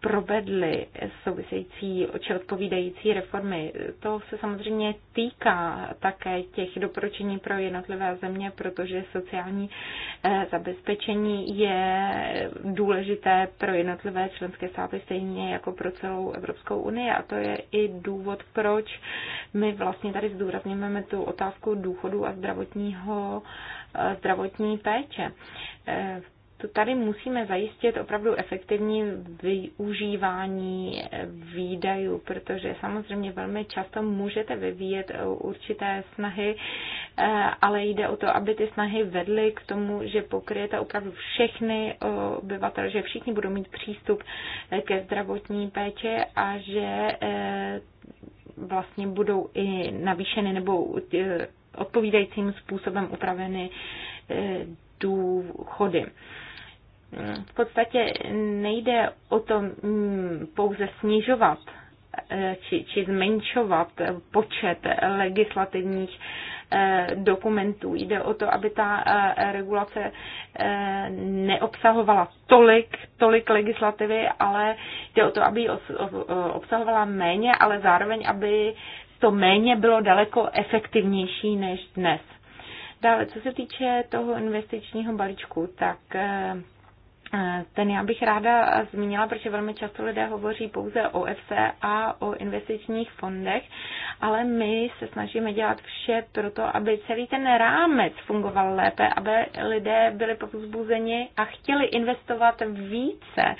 provedli související či odpovídající reformy. To se samozřejmě týká také těch doporučení pro jednotlivé země, protože sociální eh, zabezpečení je důležité pro jednotlivé členské státy stejně jako pro celou Evropskou unii a to je i důvod, proč my vlastně tady zdůrazněme tu otázku důchodu a zdravotního eh, zdravotní péče. V eh, tady musíme zajistit opravdu efektivní využívání výdajů, protože samozřejmě velmi často můžete vyvíjet určité snahy, eh, ale jde o to, aby ty snahy vedly k tomu, že pokryjete opravdu všechny eh, obyvatele, že všichni budou mít přístup eh, ke zdravotní péči a že vlastně budou i navýšeny nebo odpovídajícím způsobem upraveny důchody v podstatě nejde o to mm, pouze snižovat eh, či, či zmenšovat počet legislativních eh, dokumentů. Jde o to, aby ta eh, regulace neobsahovala tolik, tolik legislativy, ale jde o to, aby ji obsahovala méně, ale zároveň, aby to méně bylo daleko efektivnější než dnes. Dále, co se týče toho investičního balíčku, tak Eh, ten já bych ráda zmínila, protože velmi často lidé hovoří pouze o EFSE a o investičních fondech, ale my se snažíme dělat vše pro to, aby celý ten rámec fungoval lépe, aby lidé byli povzbuzeni a chtěli investovat více.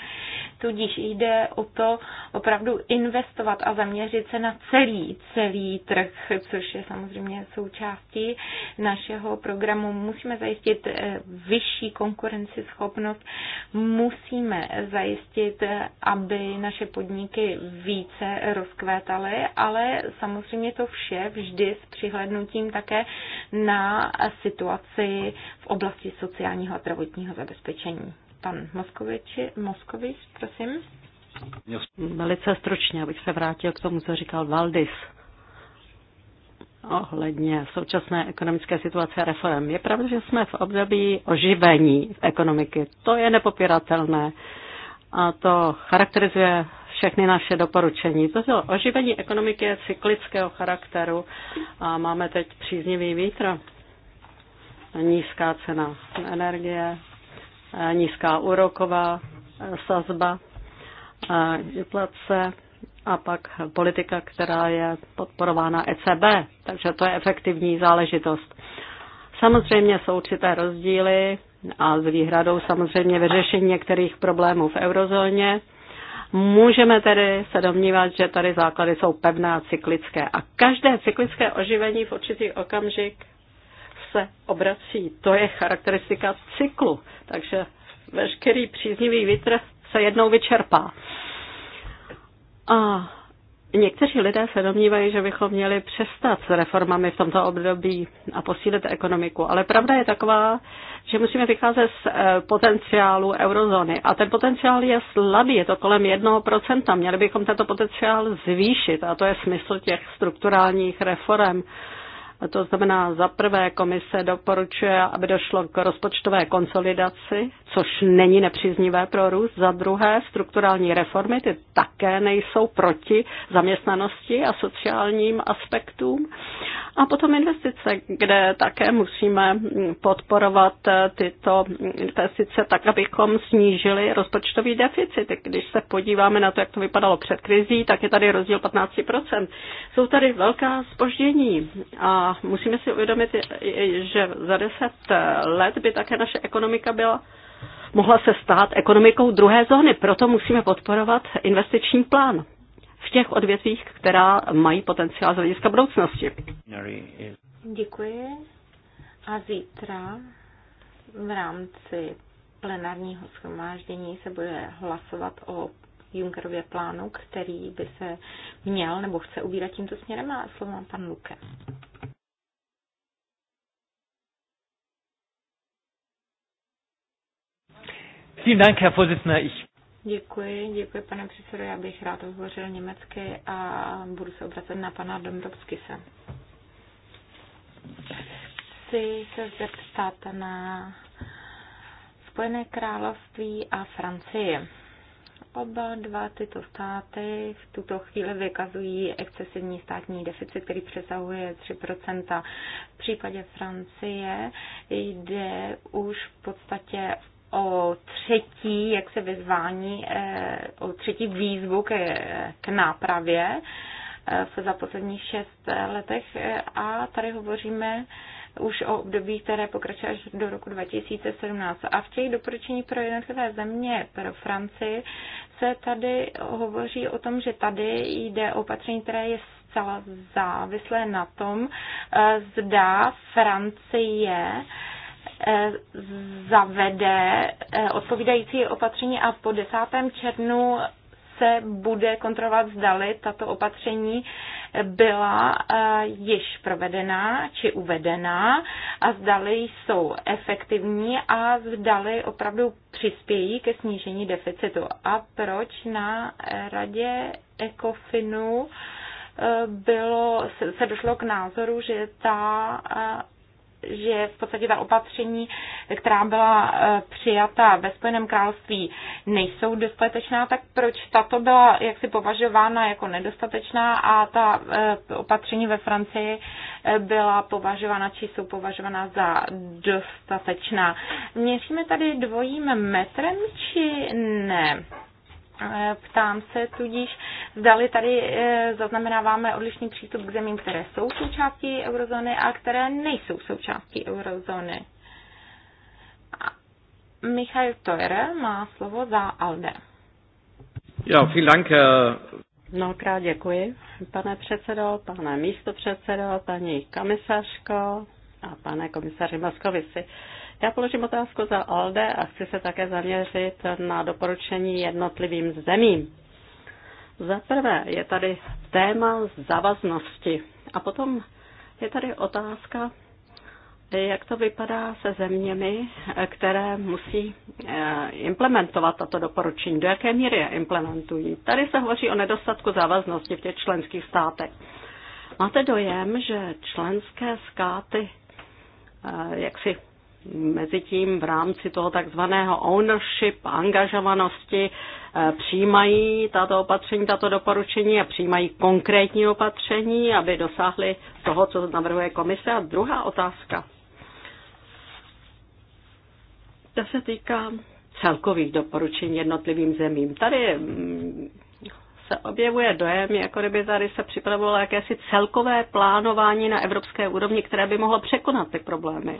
Tudíž jde o to opravdu investovat a zaměřit se na celý, celý trh, což je samozřejmě součástí našeho programu. Musíme zajistit eh, vyšší konkurenceschopnost Musíme zajistit, aby naše podniky více rozkvétaly, ale samozřejmě to vše vždy s přihlednutím také na situaci v oblasti sociálního a zdravotního zabezpečení. Pan Moskoviči, Moskovič, prosím. Velice stručně, abych se vrátil k tomu, co říkal Valdis ohledně současné ekonomické situace reform. Je pravda, že jsme v období oživení ekonomiky. To je nepopiratelné a to charakterizuje všechny naše doporučení. Toto oživení ekonomiky je cyklického charakteru a máme teď příznivý vítr, nízká cena energie, nízká úroková sazba, inflace a pak politika, která je podporována ECB, takže to je efektivní záležitost. Samozřejmě jsou určité rozdíly a s výhradou samozřejmě vyřešení některých problémů v eurozóně. Můžeme tedy se domnívat, že tady základy jsou pevné a cyklické. A každé cyklické oživení v určitý okamžik se obrací. To je charakteristika cyklu. Takže veškerý příznivý vítr se jednou vyčerpá. A Někteří lidé se domnívají, že bychom měli přestat s reformami v tomto období a posílit ekonomiku. Ale pravda je taková, že musíme vycházet z eh, potenciálu eurozóny. A ten potenciál je slabý, je to kolem 1%. Měli bychom tento potenciál zvýšit a to je smysl těch strukturálních reform. To znamená, za prvé komise doporučuje, aby došlo k rozpočtové konsolidaci, což není nepříznivé pro růst. Za druhé, strukturální reformy, ty také nejsou proti zaměstnanosti a sociálním aspektům. A potom investice, kde také musíme podporovat tyto investice tak, abychom snížili rozpočtový deficit. Když se podíváme na to, jak to vypadalo před krizí, tak je tady rozdíl 15%. Jsou tady velká spoždění a musíme si uvědomit, že za deset eh, let by také naše ekonomika byla mohla se stát ekonomikou druhé zóny. Proto musíme podporovat investiční plán v těch odvětvích, která mají potenciál z hlediska budoucnosti. Děkuji. A zítra v rámci plenárního schromáždění se bude hlasovat o Junckerově plánu, který by se měl nebo chce ubírat tímto směrem a slovo má pan Luke. Vielen Dank, Herr Vorsitzender. Ich Děkuji, děkuji pane předsedo. Já bych rád hovořil německy a budu se obracet na pana Dombrovskise. Chci se zeptat na Spojené království a Francii. Oba dva tyto státy v tuto chvíli vykazují excesivní státní deficit, který přesahuje 3 V případě Francie jde už v podstatě o třetí, jak se vyzvání, eh, o třetí výzvu k, k nápravě eh, za posledních šest eh, letech a tady hovoříme už o období, které pokračuje až do roku 2017. A v těch doporučení pro jednotlivé země, pro Francii, se tady hovoří o tom, že tady jde o opatření, které je zcela závislé na tom, zda Francie E, zavede e, odpovídající opatření a po 10. červnu se bude kontrolovat, zdali tato opatření byla e, již provedená či uvedená a zdali jsou efektivní a zdali opravdu přispějí ke snížení deficitu. A proč na radě ECOFINu bylo, se došlo k názoru, že ta že v podstatě ta opatření, která byla eh, přijata ve Spojeném království, nejsou dostatečná, tak proč tato byla jaksi považována jako nedostatečná a ta eh, opatření ve Francii eh, byla považována či jsou považována za dostatečná. Měříme tady dvojím metrem či ne? Eh, ptám se tudíž, zdali tady eh, zaznamenáváme odlišný přístup k zemím, které jsou součástí eurozóny a které nejsou součástí eurozóny. Michal Teurer má slovo za ALDE. Jo, vielen Dank, Mnohokrát děkuji, pane předsedo, pane místopředsedo, paní komisařko a pane komisaři Moskovici. Já položím otázku za ALDE a chci se také zaměřit na doporučení jednotlivým zemím. Za prvé je tady téma zavaznosti a potom je tady otázka, jak to vypadá se zeměmi, které musí eh, implementovat tato doporučení? Do jaké míry je implementují? Tady se hovoří o nedostatku závaznosti v těch členských státech. Máte dojem, že členské státy eh, jak si Mezitím v rámci toho takzvaného ownership, angažovanosti, eh, přijímají tato opatření, tato doporučení a přijímají konkrétní opatření, aby dosáhli toho, co navrhuje komise. A druhá otázka. Ta se týká celkových doporučení jednotlivým zemím. Tady mm, se objevuje dojem, jako kdyby tady se připravovalo jakési celkové plánování na evropské úrovni, které by mohlo překonat ty problémy.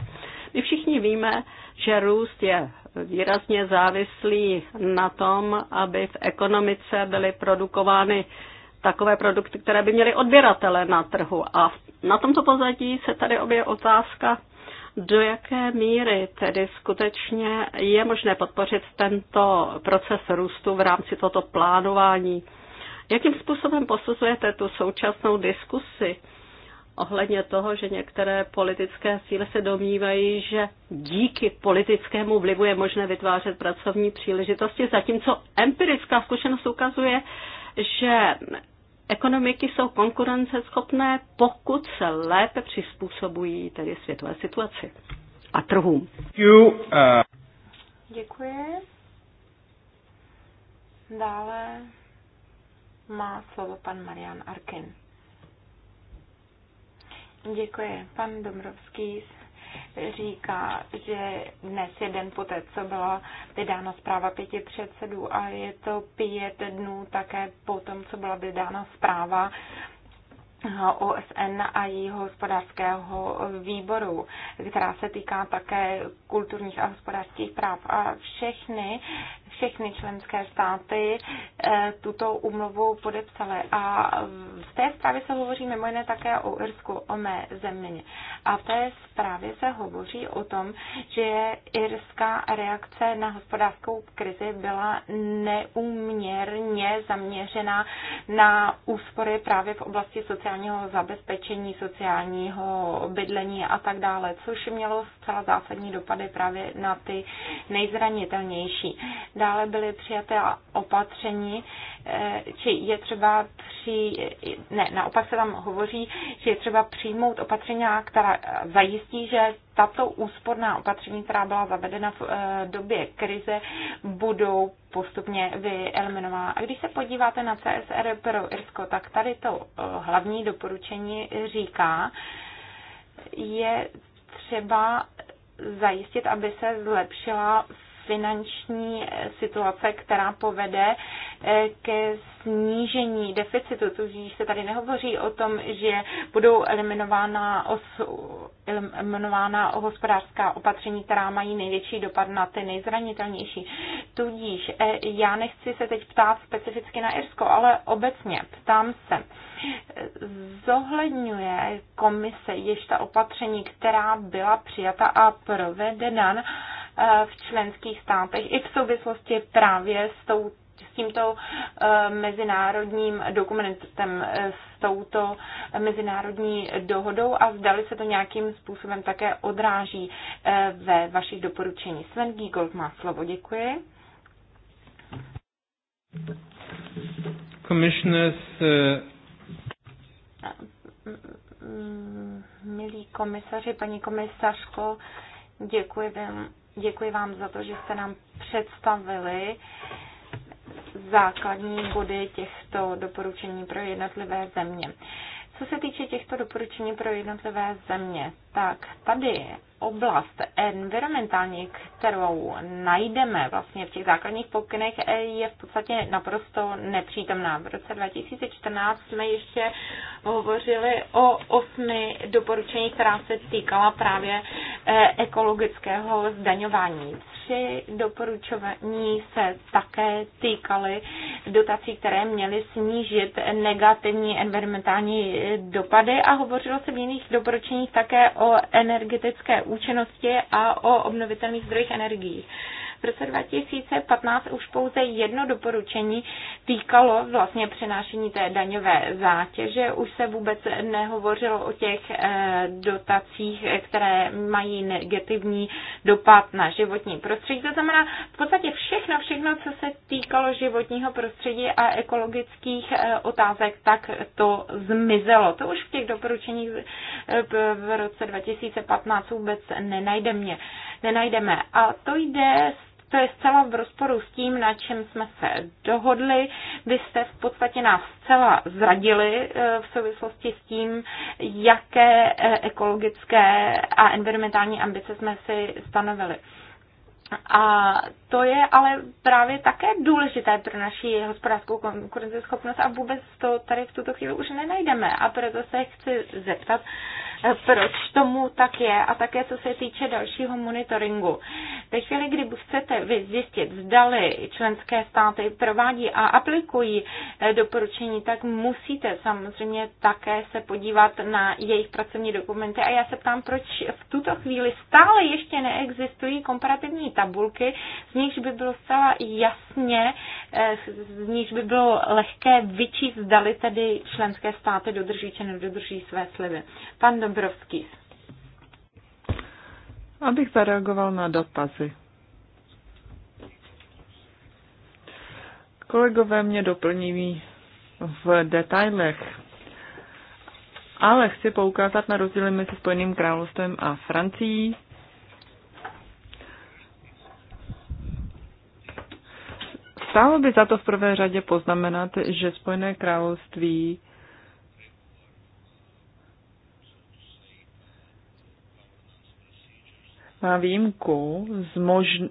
My všichni víme, že růst je výrazně závislý na tom, aby v ekonomice byly produkovány takové produkty, které by měly odběratele na trhu. A na tomto pozadí se tady obě otázka, do jaké míry tedy skutečně je možné podpořit tento proces růstu v rámci tohoto plánování. Jakým způsobem posuzujete tu současnou diskusi? ohledně toho, že některé politické síly se domnívají, že díky politickému vlivu je možné vytvářet pracovní příležitosti, zatímco empirická zkušenost ukazuje, že ekonomiky jsou konkurenceschopné, pokud se lépe přizpůsobují tedy světové situaci a trhům. Uh, Děkuji. Dále má slovo pan Marian Arkin. Děkuji. Pan Domrovský říká, že dnes je den poté, co byla vydána zpráva pěti předsedů a je to pět dnů také po tom, co byla vydána zpráva OSN a jejího hospodářského výboru, která se týká také kulturních a hospodářských práv. A všechny všechny členské státy eh, tuto umluvu podepsaly. A v té zprávě se hovoří mimo jiné také o Irsku, o mé země. A v té zprávě se hovoří o tom, že irská reakce na hospodářskou krizi byla neuměrně zaměřena na úspory právě v oblasti sociálního zabezpečení, sociálního bydlení a tak dále, což mělo zcela zásadní dopady právě na ty nejzranitelnější. Dále byly přijaté opatření, eh, či je třeba při, ne, naopak se tam hovoří, že je třeba přijmout opatření, která zajistí, že tato úsporná opatření, která byla zavedena v eh, době krize, budou postupně vyeliminována. A když se podíváte na CSR pro Irsko, tak tady to eh, hlavní doporučení říká, je třeba zajistit, aby se zlepšila finanční situace, která povede eh, ke snížení deficitu. Tudíž se tady nehovoří o tom, že budou eliminována, os, eliminována hospodářská opatření, která mají největší dopad na ty nejzranitelnější. Tudíž eh, já nechci se teď ptát specificky na Irsko, ale obecně ptám se. Zohledňuje komise ještě ta opatření, která byla přijata a provedena Eh, v členských státech i v souvislosti právě s tou s tímto eh, mezinárodním dokumentem, eh, s touto mezinárodní dohodou a zdali se to nějakým způsobem také odráží ve vašich doporučení. Sven Giegold má slovo, děkuji. Commissioners, milí komisaři, paní komisařko, děkuji vám Děkuji vám za to, že jste nám představili základní body těchto doporučení pro jednotlivé země. Co se týče těchto doporučení pro jednotlivé země, tak tady je oblast environmentální, kterou najdeme vlastně v těch základních pokynech, je v podstatě naprosto nepřítomná. V roce 2014 jsme ještě hovořili o osmi doporučení, která se týkala právě eh, ekologického zdaňování. Tři doporučování se také týkaly dotací, které měly snížit negativní environmentální dopady a hovořilo se v jiných doporučeních také o energetické účinnosti a o obnovitelných zdrojích energií. V roce 2015 už pouze jedno doporučení týkalo vlastně přenášení té daňové zátěže. Už se vůbec nehovořilo o těch eh, dotacích, které mají negativní dopad na životní prostředí. To znamená v podstatě všechno, všechno, co se týkalo životního prostředí a ekologických eh, otázek, tak to zmizelo. To už v těch doporučeních eh, v roce 2015 vůbec nenajdeme. nenajdeme. A to jde to je zcela v rozporu s tím, na čem jsme se dohodli. Vy jste v podstatě nás zcela zradili eh, v souvislosti s tím, jaké eh, ekologické a environmentální ambice jsme si stanovili. A to je ale právě také důležité pro naši hospodářskou konkurenceschopnost a vůbec to tady v tuto chvíli už nenajdeme. A proto se chci zeptat, proč tomu tak je a také co se týče dalšího monitoringu. Ve chvíli, kdy chcete zjistit, zdali členské státy provádí a aplikují eh, doporučení, tak musíte samozřejmě také se podívat na jejich pracovní dokumenty. A já se ptám, proč v tuto chvíli stále ještě neexistují komparativní tabulky, z nichž by bylo zcela jasně, eh, z nichž by bylo lehké vyčíst, zdali tedy členské státy dodrží či nedodrží své sliby. Pan Dobrovský. Abych zareagoval na dotazy. Kolegové mě doplní v detailech, ale chci poukázat na rozdíly mezi Spojeným královstvím a Francií. Stálo by za to v prvé řadě poznamenat, že Spojené království má výjimku z, možn-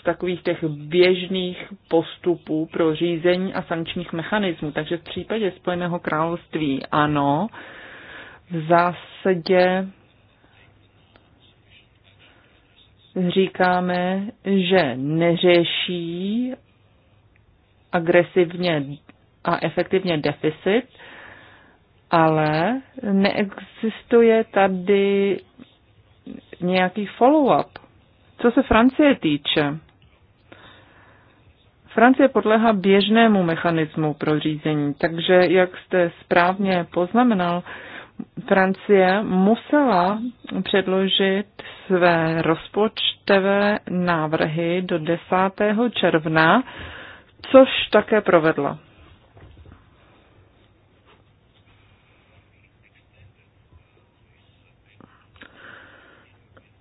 z takových těch běžných postupů pro řízení a sankčních mechanismů. Takže v případě Spojeného království ano, v zásadě říkáme, že neřeší agresivně a efektivně deficit, ale neexistuje tady nějaký follow-up. Co se Francie týče, Francie podléhá běžnému mechanismu pro řízení, takže, jak jste správně poznamenal, Francie musela předložit své rozpočtové návrhy do 10. června, což také provedla.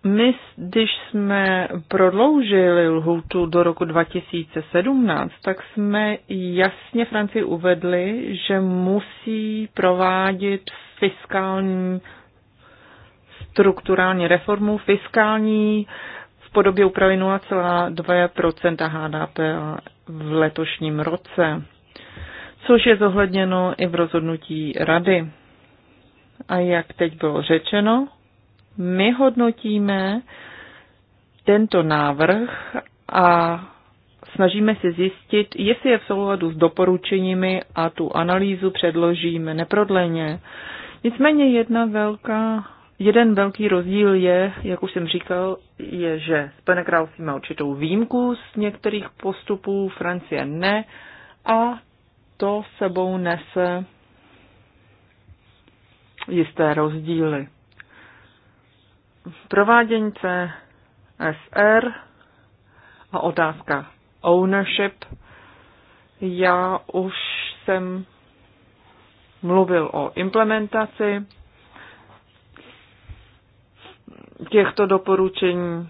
My, když jsme prodloužili lhůtu do roku 2017, tak jsme jasně Francii uvedli, že musí provádět fiskální strukturální reformu, fiskální v podobě úpravy 0,2 HDP v letošním roce, což je zohledněno i v rozhodnutí Rady. A jak teď bylo řečeno, my hodnotíme tento návrh a snažíme se zjistit, jestli je v souladu s doporučeními a tu analýzu předložíme neprodleně. Nicméně jedna velká, jeden velký rozdíl je, jak už jsem říkal, je, že Spojené království má určitou výjimku z některých postupů, Francie ne a to sebou nese jisté rozdíly prováděnice SR a otázka ownership. Já už jsem mluvil o implementaci těchto doporučení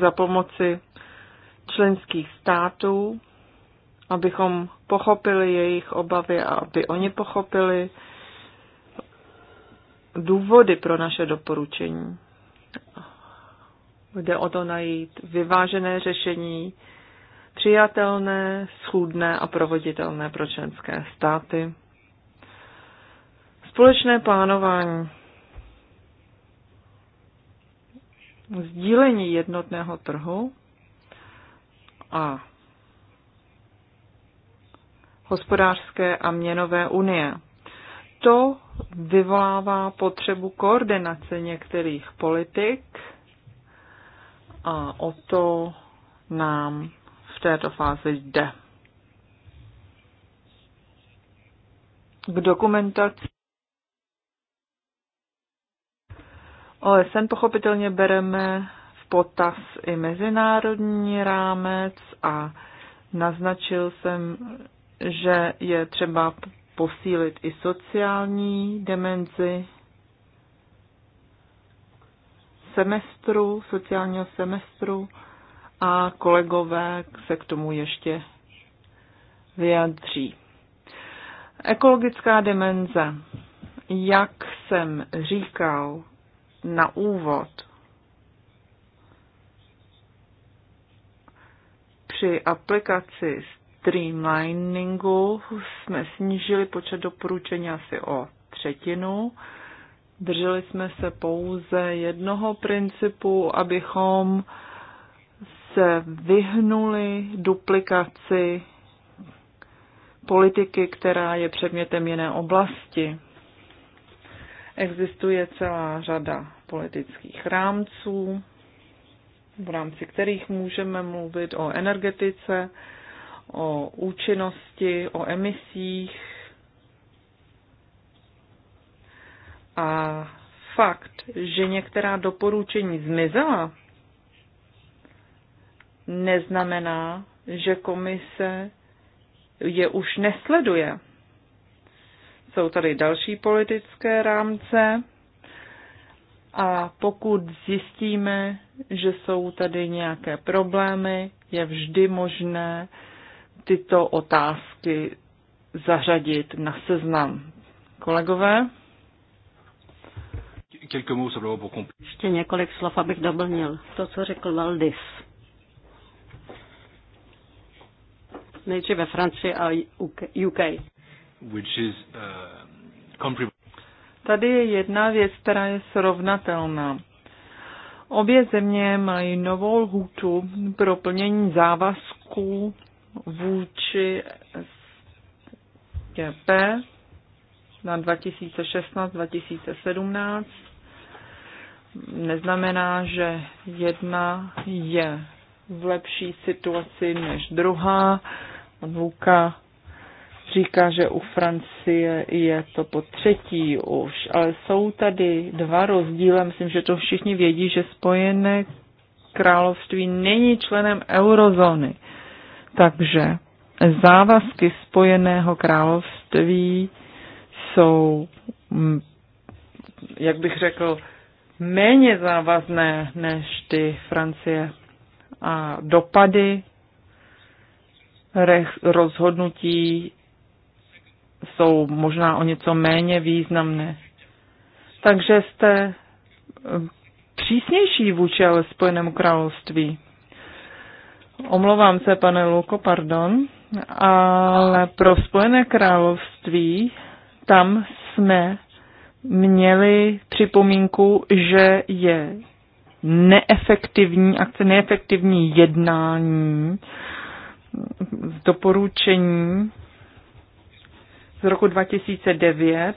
za pomoci členských států, abychom pochopili jejich obavy a aby oni pochopili důvody pro naše doporučení. Jde o to najít vyvážené řešení, přijatelné, schůdné a provoditelné pro členské státy. Společné plánování. Sdílení jednotného trhu a hospodářské a měnové unie to vyvolává potřebu koordinace některých politik a o to nám v této fázi jde. K dokumentaci OSN pochopitelně bereme v potaz i mezinárodní rámec a naznačil jsem, že je třeba posílit i sociální demenzi semestru, sociálního semestru a kolegové se k tomu ještě vyjadří. Ekologická demenze. Jak jsem říkal na úvod, při aplikaci streamliningu jsme snížili počet doporučení asi o třetinu. Drželi jsme se pouze jednoho principu, abychom se vyhnuli duplikaci politiky, která je předmětem jiné oblasti. Existuje celá řada politických rámců, v rámci kterých můžeme mluvit o energetice, o účinnosti, o emisích. A fakt, že některá doporučení zmizela, neznamená, že komise je už nesleduje. Jsou tady další politické rámce a pokud zjistíme, že jsou tady nějaké problémy, je vždy možné tyto otázky zařadit na seznam. Kolegové? Ještě několik slov, abych doplnil to, co řekl Valdis. Nejdřív ve Francii a UK. Which is, uh, Tady je jedna věc, která je srovnatelná. Obě země mají novou lhůtu pro plnění závazků vůči SGP na 2016-2017 neznamená, že jedna je v lepší situaci než druhá. Luka říká, že u Francie je to po třetí už, ale jsou tady dva rozdíly. Myslím, že to všichni vědí, že Spojené království není členem eurozóny. Takže závazky Spojeného království jsou, mm, jak bych řekl, méně závazné než ty Francie. A dopady rozhodnutí jsou možná o něco méně významné. Takže jste mm, přísnější vůči ale Spojenému království. Omlouvám se, pane Luko, pardon, ale pro Spojené království tam jsme měli připomínku, že je neefektivní akce, neefektivní jednání z doporučení z roku 2009,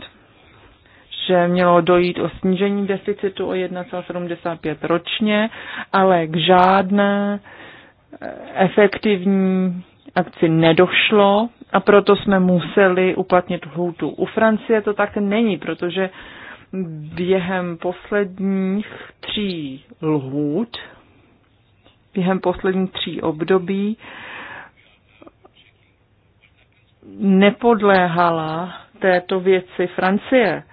že mělo dojít o snížení deficitu o 1,75 ročně, ale k žádné efektivní akci nedošlo a proto jsme museli uplatnit hůtu. U Francie to tak není, protože během posledních tří lhůt, během posledních tří období, nepodléhala této věci Francie.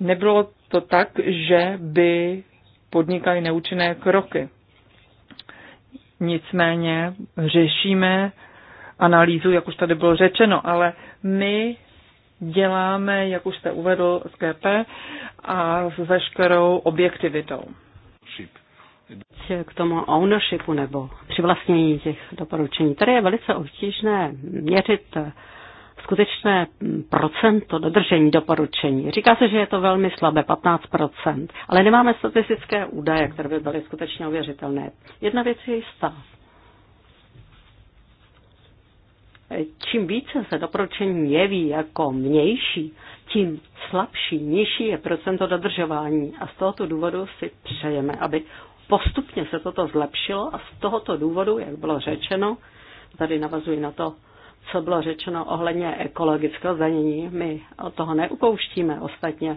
Nebylo to tak, že by podnikaly neúčinné kroky. Nicméně řešíme analýzu, jak už tady bylo řečeno, ale my děláme, jak už jste uvedl, z GP a s veškerou objektivitou. K tomu ownershipu nebo přivlastnění těch doporučení. Tady je velice obtížné měřit skutečné procento dodržení doporučení. Říká se, že je to velmi slabé, 15%, ale nemáme statistické údaje, které by byly skutečně ověřitelné. Jedna věc je jistá. Čím více se doporučení jeví jako vnější, tím slabší, nižší je procento dodržování. A z tohoto důvodu si přejeme, aby postupně se toto zlepšilo a z tohoto důvodu, jak bylo řečeno, tady navazuji na to, co bylo řečeno ohledně ekologického zdanění. My od toho neupouštíme ostatně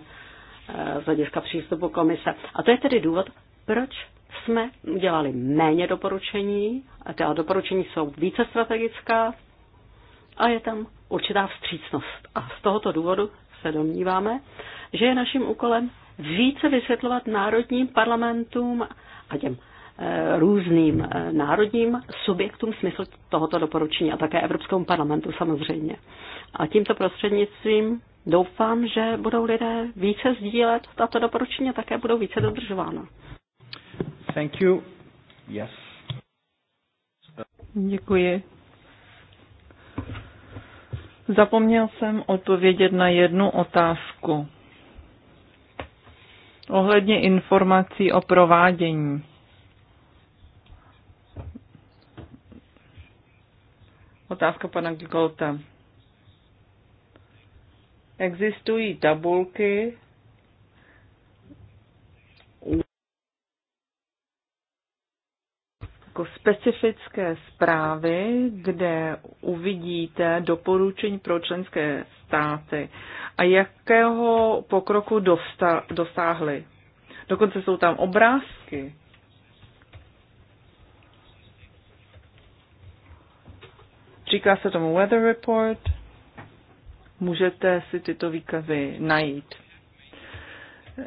eh, z hlediska přístupu komise. A to je tedy důvod, proč jsme udělali méně doporučení, a ta doporučení jsou více strategická a je tam určitá vstřícnost. A z tohoto důvodu se domníváme, že je naším úkolem více vysvětlovat národním parlamentům a těm různým eh, národním subjektům smysl tohoto doporučení a také Evropskému parlamentu samozřejmě. A tímto prostřednictvím doufám, že budou lidé více sdílet tato doporučení a také budou více dodržována. Thank you. Yes. Děkuji. Zapomněl jsem odpovědět na jednu otázku. Ohledně informací o provádění. Otázka pana Gigolta. Existují tabulky, jako specifické zprávy, kde uvidíte doporučení pro členské státy a jakého pokroku dosta, dosáhly. Dokonce jsou tam obrázky Říká se tomu Weather Report. Můžete si tyto výkazy najít.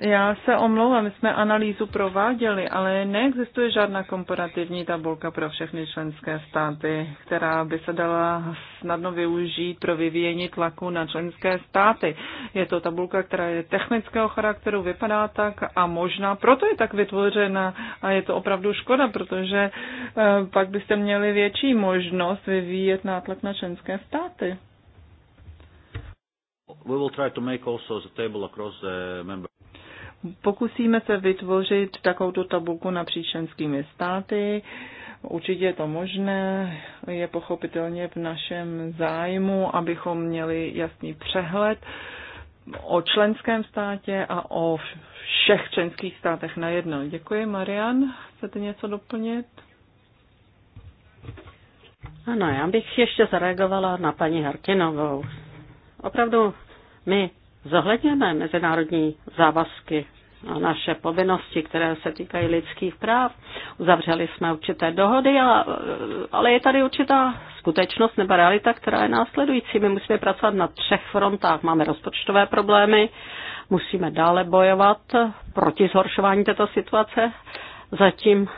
Já se omlouvám, my jsme analýzu prováděli, ale neexistuje žádná komparativní tabulka pro všechny členské státy, která by se dala snadno využít pro vyvíjení tlaku na členské státy. Je to tabulka, která je technického charakteru, vypadá tak a možná proto je tak vytvořena a je to opravdu škoda, protože eh, pak byste měli větší možnost vyvíjet nátlak na členské státy. We will try to make also the table across the member Pokusíme se vytvořit takovou tabulku na příčenskými státy. Určitě je to možné, je pochopitelně v našem zájmu, abychom měli jasný přehled o členském státě a o všech členských státech najednou. Děkuji, Marian. Chcete něco doplnit? Ano, já bych ještě zareagovala na paní Harkinovou. Opravdu my zohledněme mezinárodní závazky a naše povinnosti, které se týkají lidských práv. Uzavřeli jsme určité dohody, a, ale je tady určitá skutečnost nebo realita, která je následující. My musíme pracovat na třech frontách. Máme rozpočtové problémy, musíme dále bojovat proti zhoršování této situace. Zatím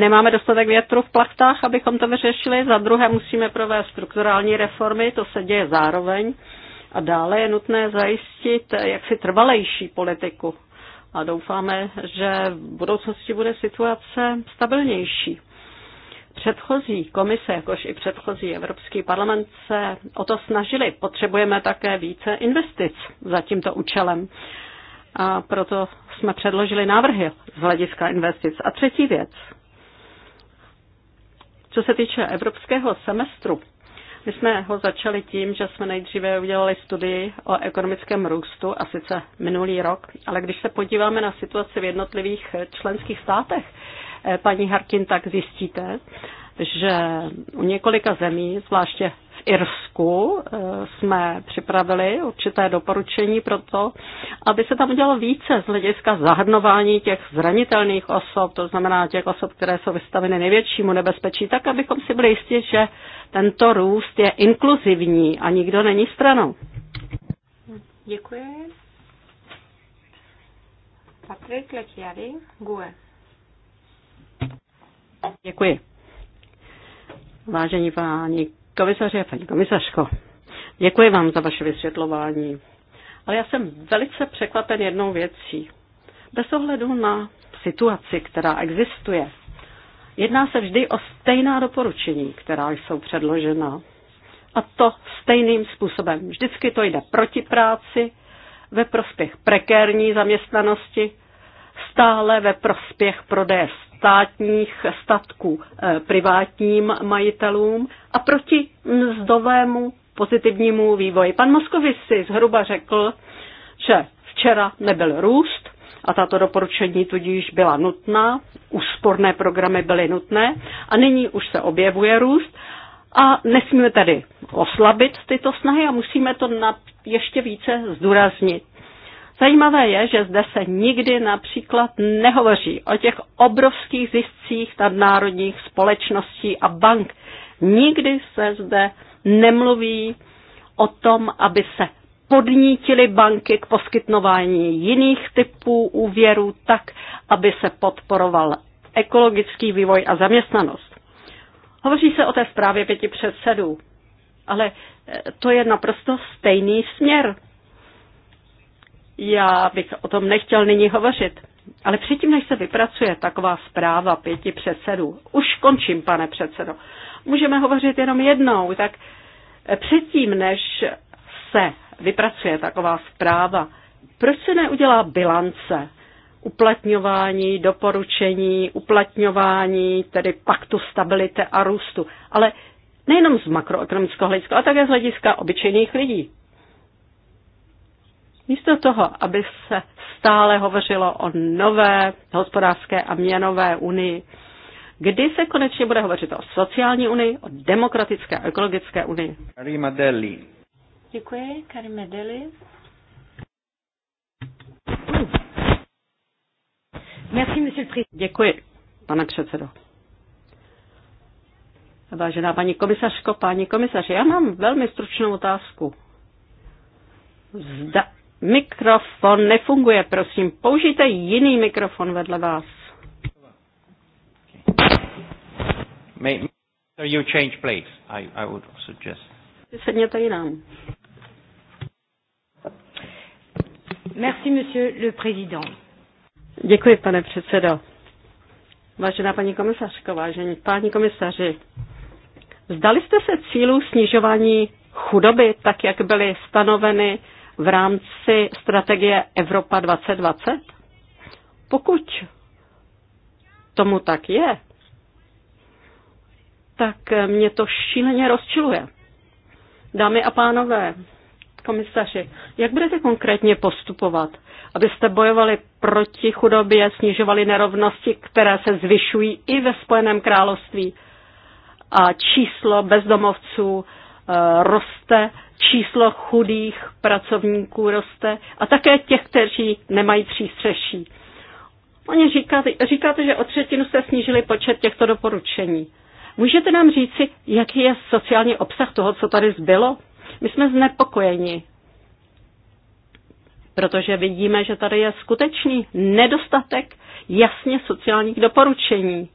nemáme dostatek větru v plachtách, abychom to vyřešili. Za druhé musíme provést strukturální reformy, to se děje zároveň. A dále je nutné zajistit eh, jaksi trvalejší politiku a doufáme, že v budoucnosti bude situace stabilnější. Předchozí komise, jakož i předchozí Evropský parlament se o to snažili. Potřebujeme také více investic za tímto účelem. A proto jsme předložili návrhy z hlediska investic. A třetí věc. Co se týče evropského semestru, my jsme ho začali tím, že jsme nejdříve udělali studii o ekonomickém růstu, a sice minulý rok, ale když se podíváme na situaci v jednotlivých eh, členských státech, eh, paní Harkin, tak zjistíte, že u několika zemí, zvláště Irsku eh, jsme připravili určité doporučení pro to, aby se tam udělalo více z hlediska zahrnování těch zranitelných osob, to znamená těch osob, které jsou vystaveny největšímu nebezpečí, tak abychom si byli jistí, že tento růst je inkluzivní a nikdo není stranou. Děkuji. Patrik Lekiary, GUE. Děkuji. Vážení páni Komisaře, paní komisařko, děkuji vám za vaše vysvětlování. Ale já jsem velice překvapen jednou věcí. Bez ohledu na situaci, která existuje, jedná se vždy o stejná doporučení, která jsou předložena. A to stejným způsobem. Vždycky to jde proti práci, ve prospěch prekérní zaměstnanosti, stále ve prospěch prodeje státních statků eh, privátním majitelům a proti mzdovému pozitivnímu vývoji. Pan Moskovic si zhruba řekl, že včera nebyl růst a tato doporučení tudíž byla nutná, úsporné programy byly nutné a nyní už se objevuje růst a nesmíme tedy oslabit tyto snahy a musíme to ještě více zdůraznit. Zajímavé je, že zde se nikdy například nehovoří o těch obrovských ziscích nadnárodních společností a bank. Nikdy se zde nemluví o tom, aby se podnítily banky k poskytnování jiných typů úvěrů tak, aby se podporoval ekologický vývoj a zaměstnanost. Hovoří se o té zprávě pěti předsedů, ale eh, to je naprosto stejný směr. Já bych o tom nechtěl nyní hovořit, ale předtím, než se vypracuje taková zpráva pěti předsedů, už končím, pane předsedo, můžeme hovořit jenom jednou, tak eh, předtím, než se vypracuje taková zpráva, proč se neudělá bilance uplatňování, doporučení, uplatňování, tedy paktu stability a růstu, ale nejenom z makroekonomického hlediska, ale také z hlediska obyčejných lidí. Místo toho, aby se stále hovořilo o nové hospodářské a měnové unii, kdy se konečně bude hovořit o sociální unii, o demokratické a ekologické unii? Karima Deli. Děkuji, Karima Deli. Děkuji, pane předsedo. Vážená paní komisařko, paní komisaři, já mám velmi stručnou otázku. Zda Mikrofon nefunguje, prosím. Použijte jiný mikrofon vedle vás. May, you change place, I, I would suggest. Sedněte jinam. Merci, monsieur le président. Děkuji, pane předsedo. Vážená paní komisařko, vážení páni komisaři, zdali jste se cílů snižování chudoby, tak jak byly stanoveny v rámci strategie Evropa 2020? Pokud tomu tak je, tak mě to šíleně rozčiluje. Dámy a pánové, komisaři, jak budete konkrétně postupovat, abyste bojovali proti chudobě, snižovali nerovnosti, které se zvyšují i ve Spojeném království a číslo bezdomovců eh, roste číslo chudých pracovníků roste a také těch, kteří nemají přístřeší. Oni říkáte, říkáte, že o třetinu se snížili počet těchto doporučení. Můžete nám říci, jaký je sociální obsah toho, co tady zbylo? My jsme znepokojeni, protože vidíme, že tady je skutečný nedostatek jasně sociálních doporučení.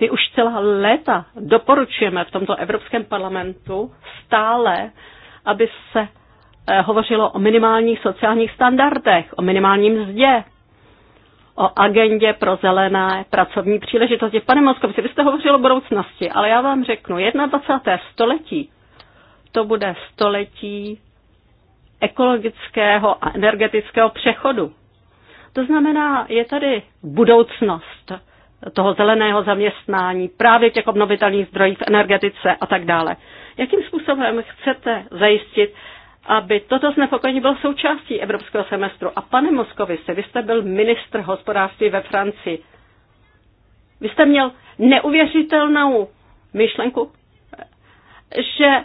My už celá léta doporučujeme v tomto Evropském parlamentu stále, aby se eh, hovořilo o minimálních sociálních standardech, o minimálním mzdě, o agendě pro zelené pracovní příležitosti. Pane Moskovci, vy jste hovořil o budoucnosti, ale já vám řeknu, 21. století to bude století ekologického a energetického přechodu. To znamená, je tady budoucnost toho zeleného zaměstnání, právě těch obnovitelných zdrojů v energetice a tak dále. Jakým způsobem chcete zajistit, aby toto znepokojení bylo součástí evropského semestru? A pane Moskovici, vy jste byl ministr hospodářství ve Francii. Vy jste měl neuvěřitelnou myšlenku, že e,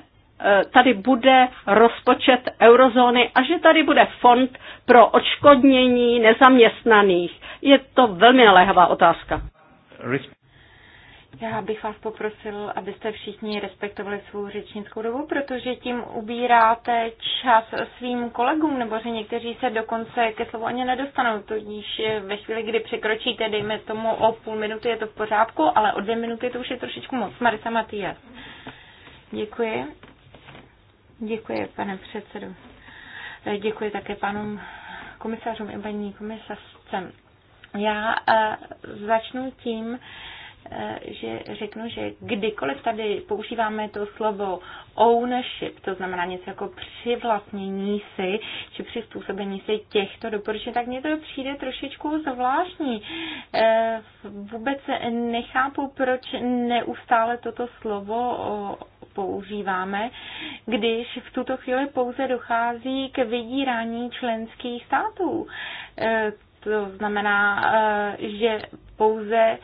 tady bude rozpočet eurozóny a že tady bude fond pro odškodnění nezaměstnaných. Je to velmi naléhavá otázka. Já bych vás poprosil, abyste všichni respektovali svou řečnickou dobu, protože tím ubíráte čas svým kolegům, nebo že někteří se dokonce ke slovu ani nedostanou. Tudíž ve chvíli, kdy překročíte, dejme tomu o půl minuty, je to v pořádku, ale o dvě minuty to už je trošičku moc. Marisa Matias. Děkuji. Děkuji, pane předsedu. Děkuji také panům komisařům i paní komisařce. Já eh, začnu tím, eh, že řeknu, že kdykoliv tady používáme to slovo ownership, to znamená něco jako přivlastnění si, či přizpůsobení si těchto doporučení, tak mně to přijde trošičku zvláštní. Eh, vůbec nechápu, proč neustále toto slovo používáme, když v tuto chvíli pouze dochází k vydírání členských států to znamená, eh, že pouze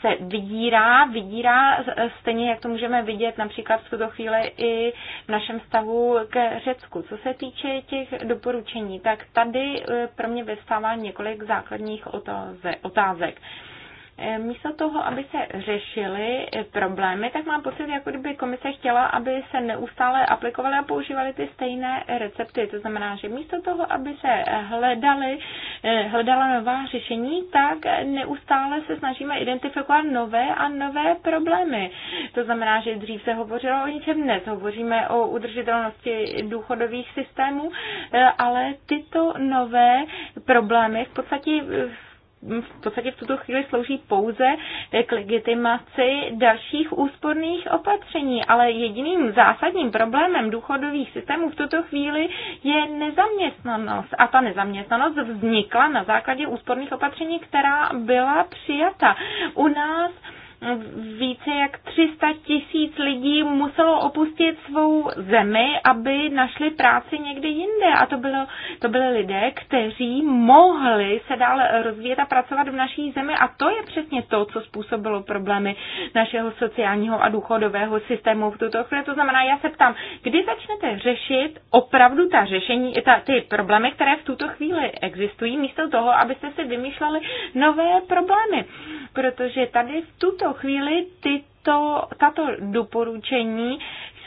se vydírá, vydírá eh, stejně, jak to můžeme vidět například v tuto chvíli i v našem stavu k Řecku. Co se týče těch doporučení, tak tady eh, pro mě vystává několik základních otázek. Eh, místo toho, aby se řešily eh, problémy, tak mám pocit, jako kdyby komise chtěla, aby se neustále aplikovaly a používaly ty stejné recepty. To znamená, že místo toho, aby se hledali, eh, hledala nová řešení, tak neustále se snažíme identifikovat nové a nové problémy. To znamená, že dřív se hovořilo o ničem dnes. Hovoříme o udržitelnosti důchodových systémů, ale tyto nové problémy v podstatě v v podstatě v tuto chvíli slouží pouze k legitimaci dalších úsporných opatření, ale jediným zásadním problémem důchodových systémů v tuto chvíli je nezaměstnanost. A ta nezaměstnanost vznikla na základě úsporných opatření, která byla přijata. U nás více jak 300 tisíc lidí muselo opustit svou zemi, aby našli práci někde jinde. A to, bylo, to byly lidé, kteří mohli se dál rozvíjet a pracovat v naší zemi. A to je přesně to, co způsobilo problémy našeho sociálního a důchodového systému v tuto chvíli. To znamená, já se ptám, kdy začnete řešit opravdu ta řešení, ta, ty problémy, které v tuto chvíli existují, místo toho, abyste si vymýšleli nové problémy. Protože tady v tuto tuto chvíli tyto, tato doporučení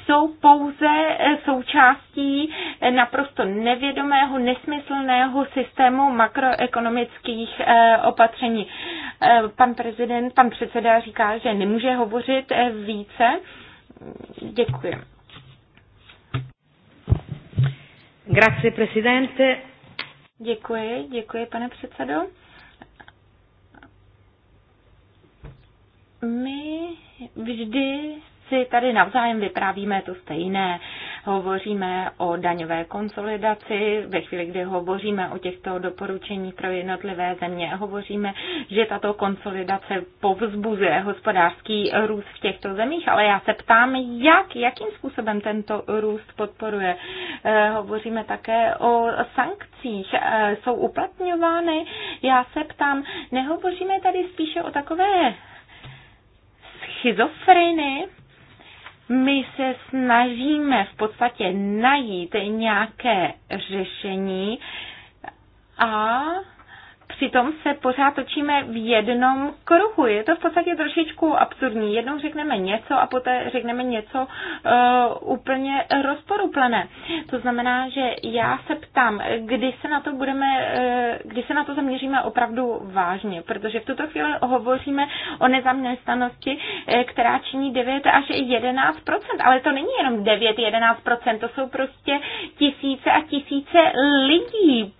jsou pouze eh, součástí eh, naprosto nevědomého, nesmyslného systému makroekonomických eh, opatření. Pan prezident, pan předseda říká, že nemůže hovořit více. Děkuji. Grazie, presidente. Děkuji, děkuji, pane předsedo. my vždy si tady navzájem vyprávíme to stejné. Hovoříme o daňové konsolidaci, ve chvíli, kdy hovoříme o těchto doporučeních pro jednotlivé země, hovoříme, že tato konsolidace povzbuzuje hospodářský růst v těchto zemích, ale já se ptám, jak, jakým způsobem tento růst podporuje. Eh, hovoříme také o sankcích, eh, jsou uplatňovány. Já se ptám, nehovoříme tady spíše o takové schizofrenie, My se snažíme v podstatě najít nějaké řešení a přitom se pořád točíme v jednom kruhu. Je to v podstatě trošičku absurdní. Jednou řekneme něco a poté řekneme něco uh, úplně rozporuplené. To znamená, že já se ptám, kdy se na to budeme, uh, kdy se na to zaměříme opravdu vážně, protože v tuto chvíli hovoříme o nezaměstnanosti, uh, která činí 9 až 11 ale to není jenom 9-11 to jsou prostě tisíce a tisíce lidí,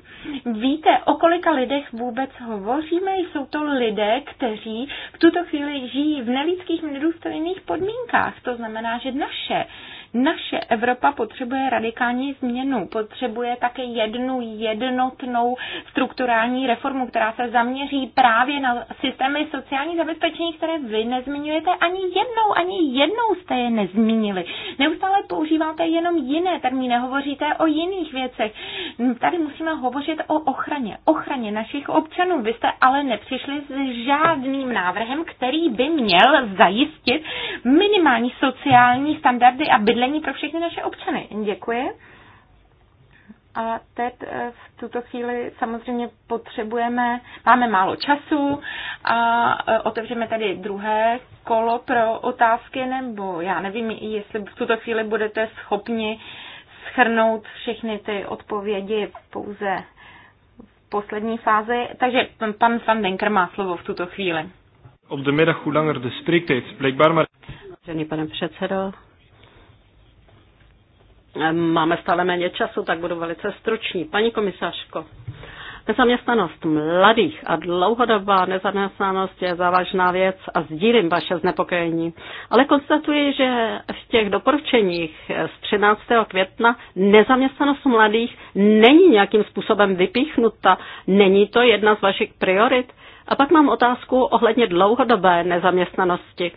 Víte, o kolika lidech vůbec hovoříme? Jsou to lidé, kteří v tuto chvíli žijí v nelidských, nedůstojných podmínkách. To znamená, že naše naše Evropa potřebuje radikální změnu, potřebuje také jednu jednotnou strukturální reformu, která se zaměří právě na systémy sociální zabezpečení, které vy nezmiňujete ani jednou, ani jednou jste je nezmínili. Neustále používáte jenom jiné termíny, hovoříte o jiných věcech. Tady musíme hovořit o ochraně, ochraně našich občanů. Vy jste ale nepřišli s žádným návrhem, který by měl zajistit minimální sociální standardy a bydlení bydlení pro všechny naše občany. Děkuji. A teď eh, v tuto chvíli samozřejmě potřebujeme, máme málo času a eh, otevřeme tady druhé kolo pro otázky, nebo já nevím, jestli v tuto chvíli budete schopni schrnout všechny ty odpovědi pouze v poslední fázi. Takže pan Van Denker má slovo v tuto chvíli. Op de middag hoe langer de spreektijd, blijkbaar maar... pane předsedo, Máme stále méně času, tak budu velice stručný. Paní komisařko, Nezaměstnanost mladých a dlouhodobá nezaměstnanost je závažná věc a sdílím vaše znepokojení. Ale konstatuji, že v těch doporučeních z 13. května nezaměstnanost mladých není nějakým způsobem vypíchnuta. Není to jedna z vašich priorit? A pak mám otázku ohledně dlouhodobé nezaměstnanosti.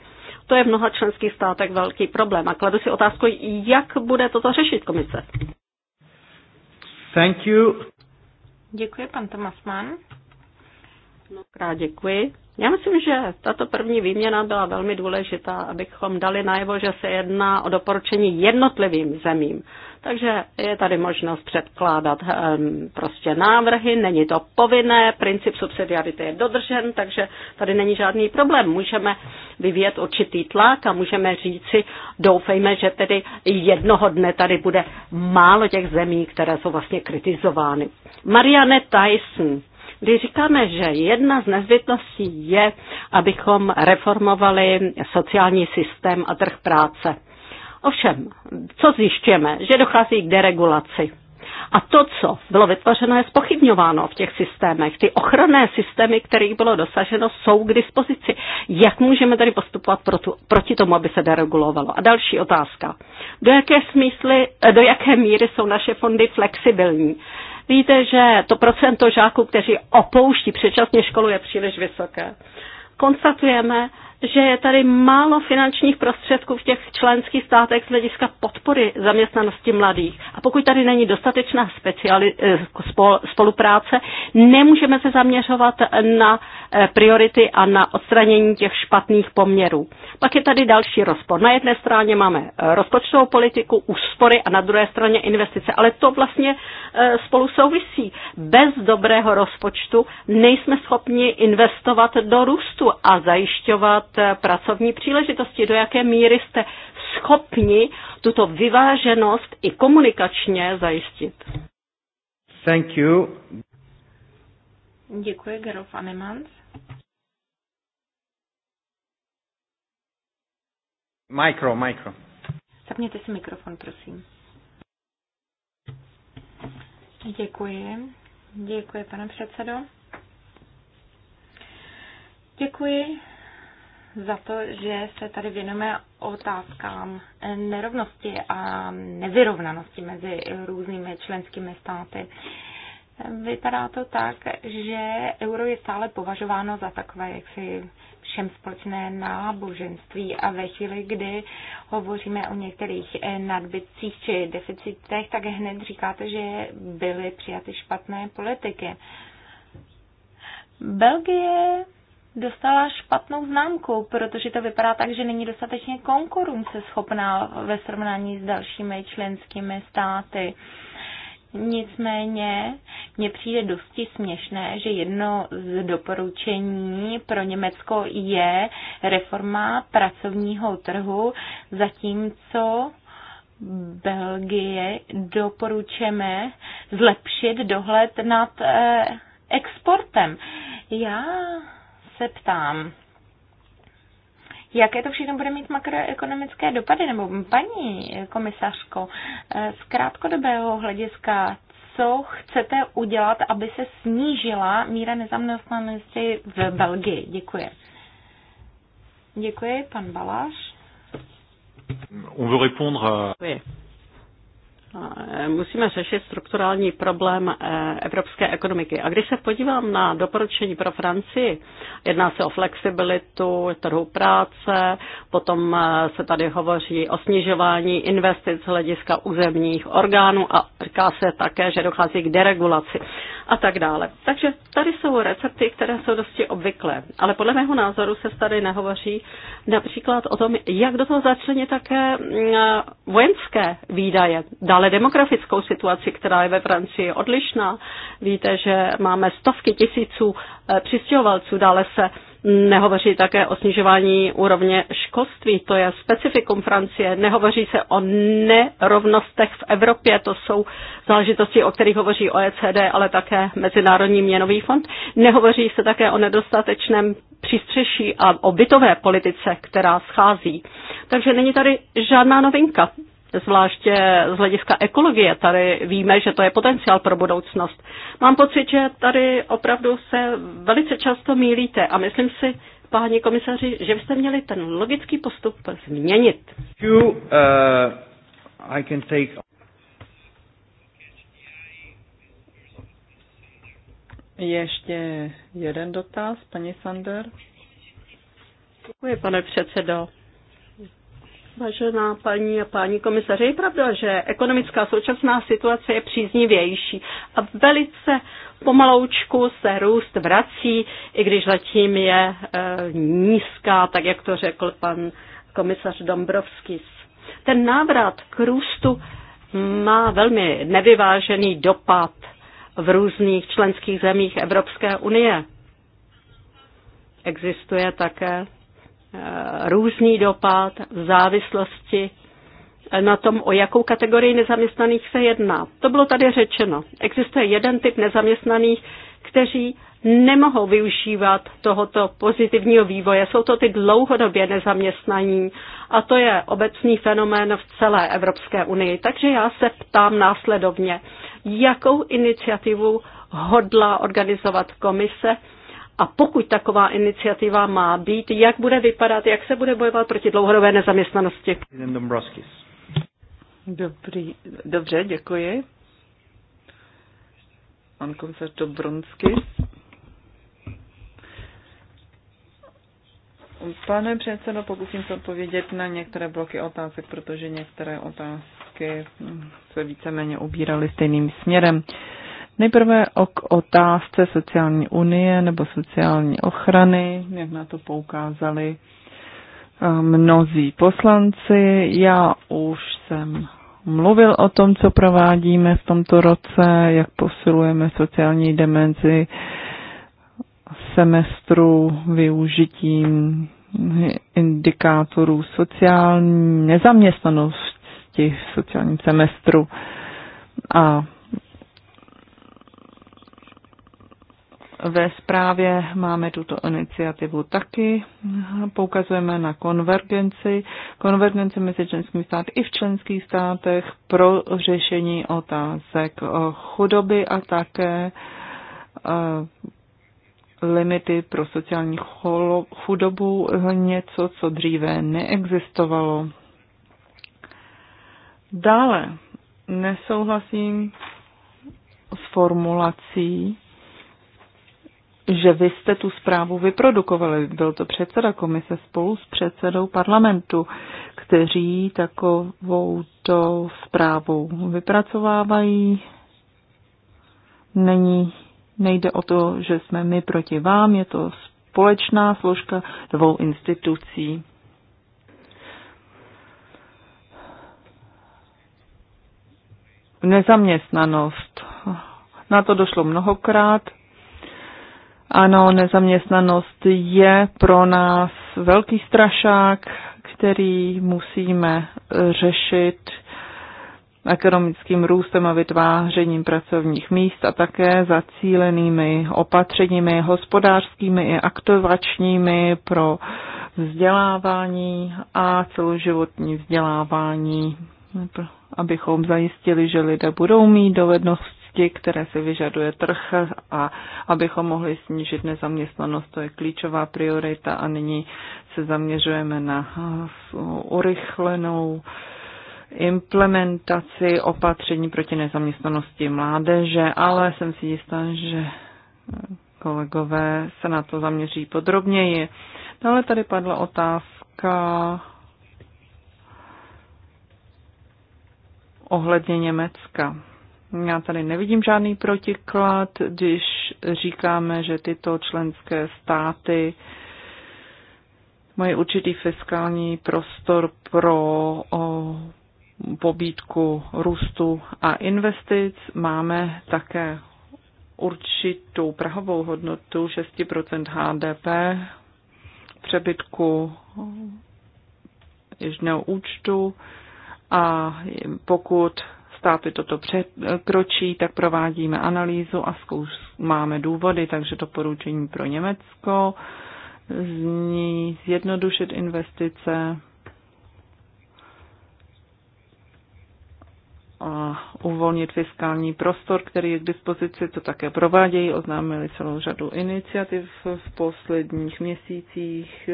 To je v mnoha členských státech velký problém. A kladu si otázku, jak bude toto řešit komise. Thank you. Děkuji, pan Tomasman. Mnohokrát děkuji. Já myslím, že tato první výměna byla velmi důležitá, abychom dali najevo, že se jedná o doporučení jednotlivým zemím. Takže je tady možnost předkládat um, prostě návrhy, není to povinné, princip subsidiarity je dodržen, takže tady není žádný problém. Můžeme vyvíjet určitý tlak a můžeme říci, doufejme, že tedy jednoho dne tady bude málo těch zemí, které jsou vlastně kritizovány. Marianne Tyson když říkáme, že jedna z nezbytností je, abychom reformovali sociální systém a trh práce. Ovšem, co zjišťujeme? Že dochází k deregulaci. A to, co bylo vytvořeno, je spochybňováno v těch systémech. Ty ochranné systémy, kterých bylo dosaženo, jsou k dispozici. Jak můžeme tady postupovat tu, proti tomu, aby se deregulovalo? A další otázka. Do jaké, smysly, do jaké míry jsou naše fondy flexibilní? Víte, že to procento žáků, kteří opouští předčasně školu, je příliš vysoké. Konstatujeme, že je tady málo finančních prostředků v těch členských státech z hlediska podpory zaměstnanosti mladých. A pokud tady není dostatečná speciali- eh, spolupráce, nemůžeme se zaměřovat na Eh, priority a na odstranění těch špatných poměrů. Pak je tady další rozpor. Na jedné straně máme eh, rozpočtovou politiku, úspory a na druhé straně investice, ale to vlastně eh, spolu souvisí. Bez dobrého rozpočtu nejsme schopni investovat do růstu a zajišťovat pracovní příležitosti. Do jaké míry jste schopni tuto vyváženost i komunikačně zajistit? Thank you. Děkuji, Gerolf Anemans. Mikro, mikro. Zapněte si mikrofon, prosím. Děkuji. Děkuji, pane předsedo. Děkuji za to, že se tady věnujeme otázkám nerovnosti a nevyrovnanosti mezi různými členskými státy. Vypadá to tak, že euro je stále považováno za takové jaksi všem společné náboženství a ve chvíli, kdy hovoříme o některých eh, nadbytcích či deficitech, tak hned říkáte, že byly přijaty špatné politiky. Belgie dostala špatnou známku, protože to vypadá tak, že není dostatečně konkurence schopná ve srovnání s dalšími členskými státy. Nicméně mně přijde dosti směšné, že jedno z doporučení pro Německo je reforma pracovního trhu, zatímco Belgie doporučeme zlepšit dohled nad eh, exportem. Já se ptám, jaké to všechno bude mít makroekonomické dopady, nebo paní komisařko, eh, z krátkodobého hlediska, co chcete udělat, aby se snížila míra nezaměstnanosti v Belgii? Děkuji. Děkuji, pan Baláš. On veut répondre à... Oui. Eh, musíme řešit strukturální problém eh, evropské ekonomiky. A když se podívám na doporučení pro Francii, jedná se o flexibilitu trhu práce, potom eh, se tady hovoří o snižování investic z hlediska územních orgánů a říká se také, že dochází k deregulaci a tak dále. Takže tady jsou recepty, které jsou dosti obvyklé, ale podle mého názoru se tady nehovoří například o tom, jak do toho začlenit také mm, vojenské výdaje, dále ale demografickou situaci, která je ve Francii odlišná. Víte, že máme stovky tisíců eh, přistěhovalců, dále se nehovoří také o snižování úrovně školství, to je specifikum Francie, nehovoří se o nerovnostech v Evropě, to jsou záležitosti, o kterých hovoří OECD, ale také Mezinárodní měnový fond, nehovoří se také o nedostatečném přístřeší a o bytové politice, která schází. Takže není tady žádná novinka zvláště z hlediska ekologie. Tady víme, že to je potenciál pro budoucnost. Mám pocit, že tady opravdu se velice často mílíte a myslím si, páni komisaři, že byste měli ten logický postup změnit. You, uh, I can take... Ještě jeden dotaz, paní Sander. Děkuji, pane předsedo. Vážená paní a páni komisaři, je pravda, že ekonomická současná situace je příznivější a velice pomaloučku se růst vrací, i když zatím je e, nízká, tak jak to řekl pan komisař Dombrovskis. Ten návrat k růstu má velmi nevyvážený dopad v různých členských zemích Evropské unie. Existuje také Eh, různý dopad v závislosti na tom, o jakou kategorii nezaměstnaných se jedná. To bylo tady řečeno. Existuje jeden typ nezaměstnaných, kteří nemohou využívat tohoto pozitivního vývoje. Jsou to ty dlouhodobě nezaměstnaní a to je obecný fenomén v celé Evropské unii. Takže já se ptám následovně, jakou iniciativu hodla organizovat komise a pokud taková iniciativa má být, jak bude vypadat, jak se bude bojovat proti dlouhodobé nezaměstnanosti? Dobrý, dobře, děkuji. Pan komisař Dobronsky. Pane předsedo, pokusím se odpovědět na některé bloky otázek, protože některé otázky se víceméně ubíraly stejným směrem. Uh, Nejprve o k otázce sociální unie nebo sociální ochrany, jak na to poukázali eh, mnozí poslanci. Já už jsem mluvil o tom, co provádíme v tomto roce, jak posilujeme sociální demenzi semestru využitím indikátorů sociální nezaměstnanosti v sociálním semestru a Ve zprávě máme tuto iniciativu taky. Poukazujeme na konvergenci, konvergenci mezi členskými státy i v členských státech pro řešení otázek chudoby a také eh, limity pro sociální chudobu, něco, co dříve neexistovalo. Dále nesouhlasím s formulací, že vy jste tu zprávu vyprodukovali. Byl to předseda komise spolu s předsedou parlamentu, kteří takovou to zprávu vypracovávají. Není, nejde o to, že jsme my proti vám, je to společná složka dvou institucí. Nezaměstnanost. Na to došlo mnohokrát ano, nezaměstnanost je pro nás velký strašák, který musíme řešit ekonomickým růstem a vytvářením pracovních míst a také zacílenými opatřeními hospodářskými i aktivačními pro vzdělávání a celoživotní vzdělávání, abychom zajistili, že lidé budou mít dovednosti činnosti, které se vyžaduje trh a abychom mohli snížit nezaměstnanost, to je klíčová priorita a nyní se zaměřujeme na urychlenou implementaci opatření proti nezaměstnanosti mládeže, ale jsem si jistá, že kolegové se na to zaměří podrobněji. Dále tady padla otázka ohledně Německa. Já tady nevidím žádný protiklad, když říkáme, že tyto členské státy mají určitý fiskální prostor pro o, pobídku růstu a investic. Máme také určitou prahovou hodnotu 6% HDP přebytku ježného účtu a pokud státy toto překročí, tak provádíme analýzu a máme důvody, takže to poručení pro Německo zní zjednodušit investice a uvolnit fiskální prostor, který je k dispozici, to také provádějí, oznámili celou řadu iniciativ v posledních měsících,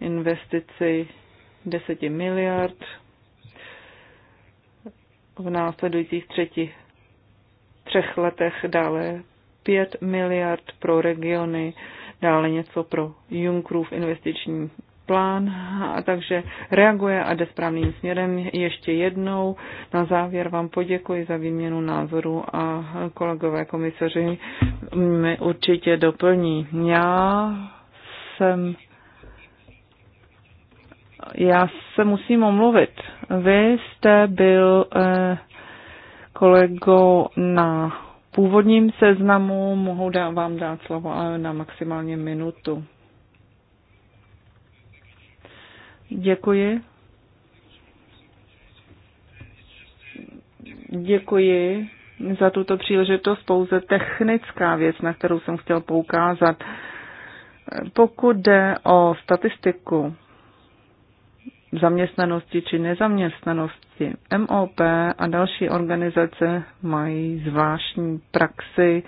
investici 10 miliard v následujících třetích, třech letech, dále 5 miliard pro regiony, dále něco pro Junckerův investiční plán, a takže reaguje a jde správným směrem. Ještě jednou na závěr vám poděkuji za výměnu názoru a kolegové komisaři mi určitě doplní. Já jsem já se musím omluvit. Vy jste byl eh, kolego na původním seznamu, mohu dá, vám dát slovo ale eh, na maximálně minutu. Děkuji. Děkuji za tuto příležitost. Pouze technická věc, na kterou jsem chtěl poukázat. Pokud jde o statistiku, zaměstnanosti či nezaměstnanosti. MOP a další organizace mají zvláštní praxi,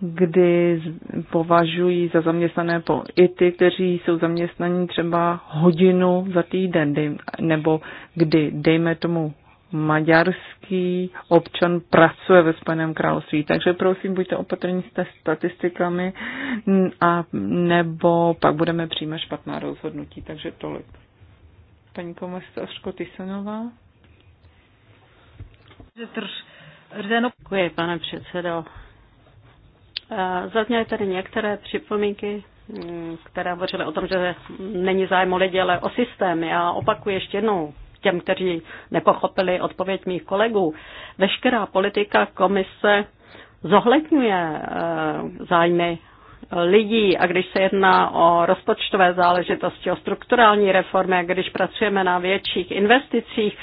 kdy považují za zaměstnané po i ty, kteří jsou zaměstnaní třeba hodinu za týden, nebo kdy, dejme tomu, maďarský občan pracuje ve Spojeném království. Takže prosím, buďte opatrní s statistikami a nebo pak budeme přijímat špatná rozhodnutí. Takže tolik paní komisařko Tysonová. Děkuji, pane předsedo. Zazněly tady některé připomínky, mm, které hovořily o tom, že není zájem o lidi, ale o systém. Já opakuji ještě jednou těm, kteří nepochopili odpověď mých kolegů. Veškerá politika komise zohledňuje e, zájmy lidí a když se jedná o rozpočtové záležitosti, o strukturální reformy, a když pracujeme na větších investicích,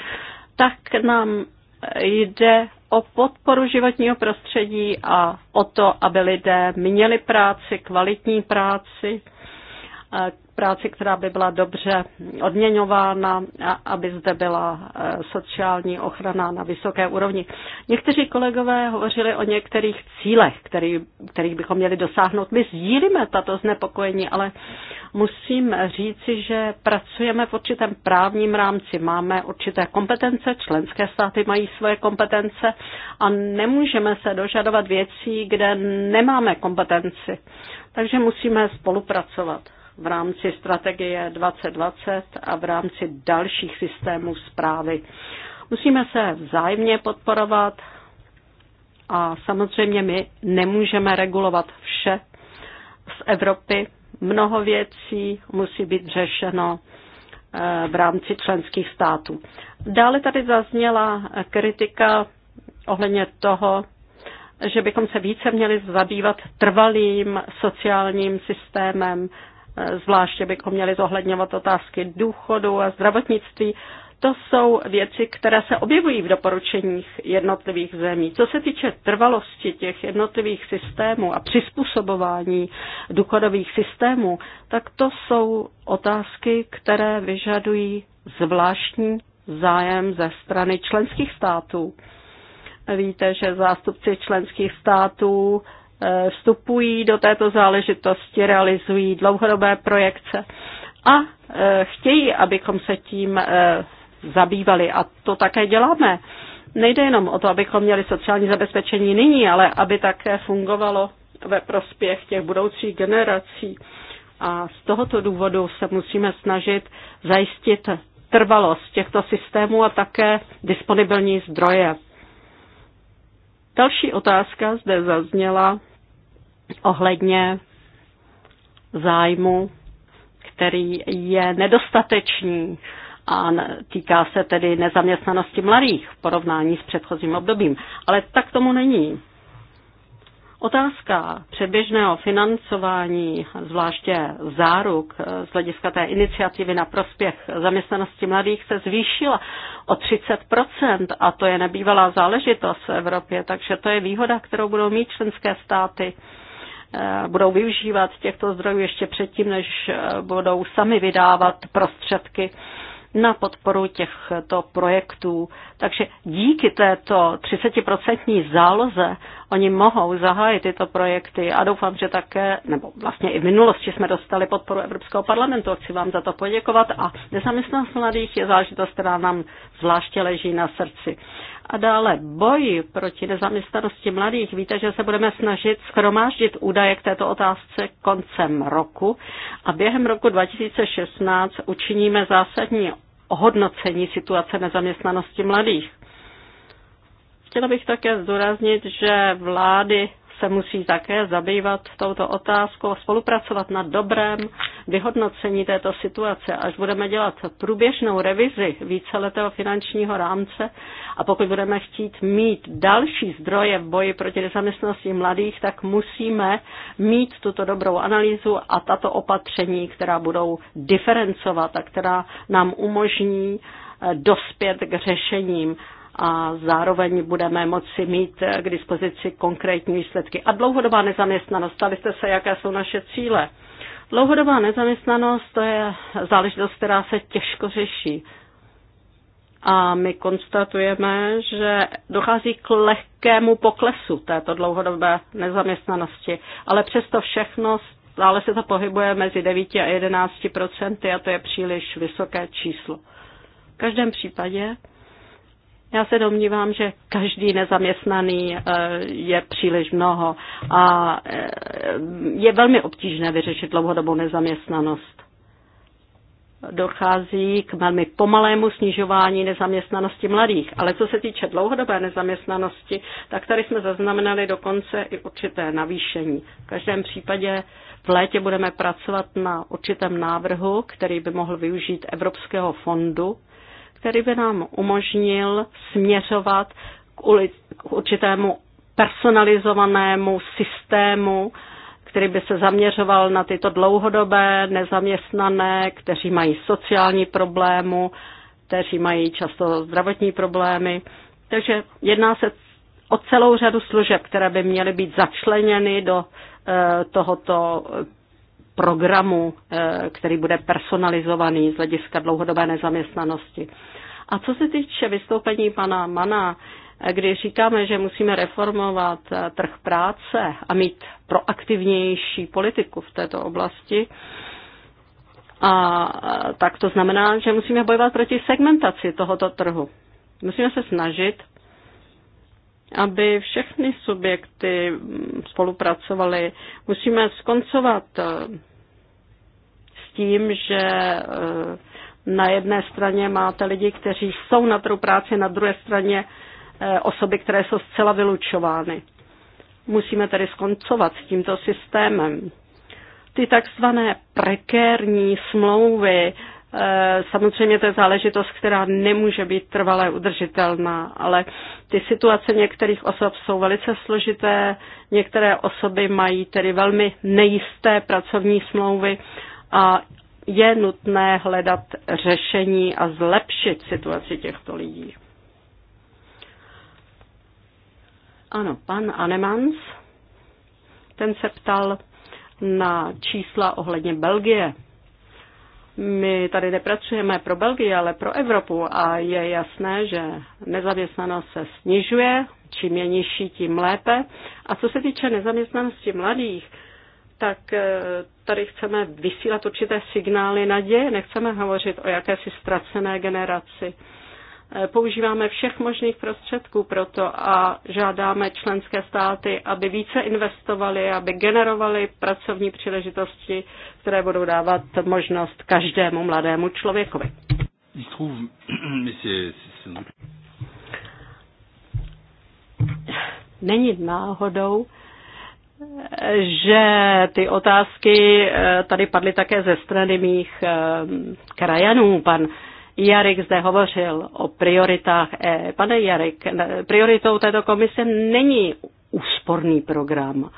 tak nám jde o podporu životního prostředí a o to, aby lidé měli práci, kvalitní práci, práci, která by byla dobře odměňována, a aby zde byla eh, sociální ochrana na vysoké úrovni. Někteří kolegové hovořili o některých cílech, který, kterých bychom měli dosáhnout. My sdílíme tato znepokojení, ale musím říci, že pracujeme v určitém právním rámci. Máme určité kompetence, členské státy mají svoje kompetence a nemůžeme se dožadovat věcí, kde nemáme kompetenci. Takže musíme spolupracovat v rámci strategie 2020 a v rámci dalších systémů zprávy. Musíme se vzájemně podporovat a samozřejmě my nemůžeme regulovat vše z Evropy. Mnoho věcí musí být řešeno eh, v rámci členských států. Dále tady zazněla kritika ohledně toho, že bychom se více měli zabývat trvalým sociálním systémem, Zvláště bychom měli zohledňovat otázky důchodu a zdravotnictví. To jsou věci, které se objevují v doporučeních jednotlivých zemí. Co se týče trvalosti těch jednotlivých systémů a přizpůsobování důchodových systémů, tak to jsou otázky, které vyžadují zvláštní zájem ze strany členských států. Víte, že zástupci členských států vstupují do této záležitosti, realizují dlouhodobé projekce a e, chtějí, abychom se tím e, zabývali a to také děláme. Nejde jenom o to, abychom měli sociální zabezpečení nyní, ale aby také fungovalo ve prospěch těch budoucích generací. A z tohoto důvodu se musíme snažit zajistit trvalost těchto systémů a také disponibilní zdroje. Další otázka zde zazněla ohledně zájmu, který je nedostatečný a týká se tedy nezaměstnanosti mladých v porovnání s předchozím obdobím. Ale tak tomu není. Otázka předběžného financování, zvláště záruk eh, z hlediska té iniciativy na prospěch zaměstnanosti mladých se zvýšila o 30% a to je nebývalá záležitost v Evropě, takže to je výhoda, kterou budou mít členské státy Eh, budou využívat těchto zdrojů ještě předtím, než eh, budou sami vydávat prostředky na podporu těchto projektů. Takže díky této 30% záloze oni mohou zahájit tyto projekty a doufám, že také, nebo vlastně i v minulosti jsme dostali podporu Evropského parlamentu a chci vám za to poděkovat a nezaměstnanost mladých je záležitost, která nám zvláště leží na srdci. A dále boj proti nezaměstnanosti mladých. Víte, že se budeme snažit schromáždit údaje k této otázce koncem roku a během roku 2016 učiníme zásadní hodnocení situace nezaměstnanosti mladých. Chtěla bych také zdůraznit, že vlády se musí také zabývat touto otázkou a spolupracovat na dobrém vyhodnocení této situace. Až budeme dělat průběžnou revizi víceletého finančního rámce a pokud budeme chtít mít další zdroje v boji proti nezaměstnanosti mladých, tak musíme mít tuto dobrou analýzu a tato opatření, která budou diferencovat a která nám umožní eh, dospět k řešením a zároveň budeme moci mít k dispozici konkrétní výsledky. A dlouhodobá nezaměstnanost, ptali jste se, jaké jsou naše cíle. Dlouhodobá nezaměstnanost to je záležitost, která se těžko řeší. A my konstatujeme, že dochází k lehkému poklesu této dlouhodobé nezaměstnanosti. Ale přesto všechno stále se to pohybuje mezi 9 a 11 procenty a to je příliš vysoké číslo. V každém případě já se domnívám, že každý nezaměstnaný eh, je příliš mnoho a eh, je velmi obtížné vyřešit dlouhodobou nezaměstnanost. Dochází k velmi pomalému snižování nezaměstnanosti mladých. Ale co se týče dlouhodobé nezaměstnanosti, tak tady jsme zaznamenali dokonce i určité navýšení. V každém případě v létě budeme pracovat na určitém návrhu, který by mohl využít Evropského fondu který by nám umožnil směřovat k, uli, k určitému personalizovanému systému, který by se zaměřoval na tyto dlouhodobé nezaměstnané, kteří mají sociální problémy, kteří mají často zdravotní problémy. Takže jedná se o celou řadu služeb, které by měly být začleněny do eh, tohoto eh, programu, eh, který bude personalizovaný z hlediska dlouhodobé nezaměstnanosti. A co se týče vystoupení pana Mana, kdy říkáme, že musíme reformovat eh, trh práce a mít proaktivnější politiku v této oblasti, a eh, tak to znamená, že musíme bojovat proti segmentaci tohoto trhu. Musíme se snažit, aby všechny subjekty mm, spolupracovaly. Musíme skoncovat eh, s tím, že na jedné straně máte lidi, kteří jsou na trhu práce, na druhé straně eh, osoby, které jsou zcela vylučovány. Musíme tedy skoncovat s tímto systémem. Ty takzvané prekérní smlouvy, eh, samozřejmě to je záležitost, která nemůže být trvalé udržitelná, ale ty situace některých osob jsou velice složité, některé osoby mají tedy velmi nejisté pracovní smlouvy a je nutné hledat řešení a zlepšit situaci těchto lidí. Ano, pan Anemans, ten se ptal na čísla ohledně Belgie. My tady nepracujeme pro Belgii, ale pro Evropu a je jasné, že nezaměstnanost se snižuje, čím je nižší, tím lépe. A co se týče nezaměstnanosti mladých, tak eh, tady chceme vysílat určité signály naděje, nechceme hovořit o jakési ztracené generaci. Eh, používáme všech možných prostředků pro to a žádáme členské státy, aby více investovali, aby generovali pracovní příležitosti, které budou dávat možnost každému mladému člověkovi. *clears throat* Není náhodou, že ty otázky eh, tady padly také ze strany mých eh, krajanů. Pan Jarek zde hovořil o prioritách. E. Pane Jarek, prioritou této komise není úsporný program,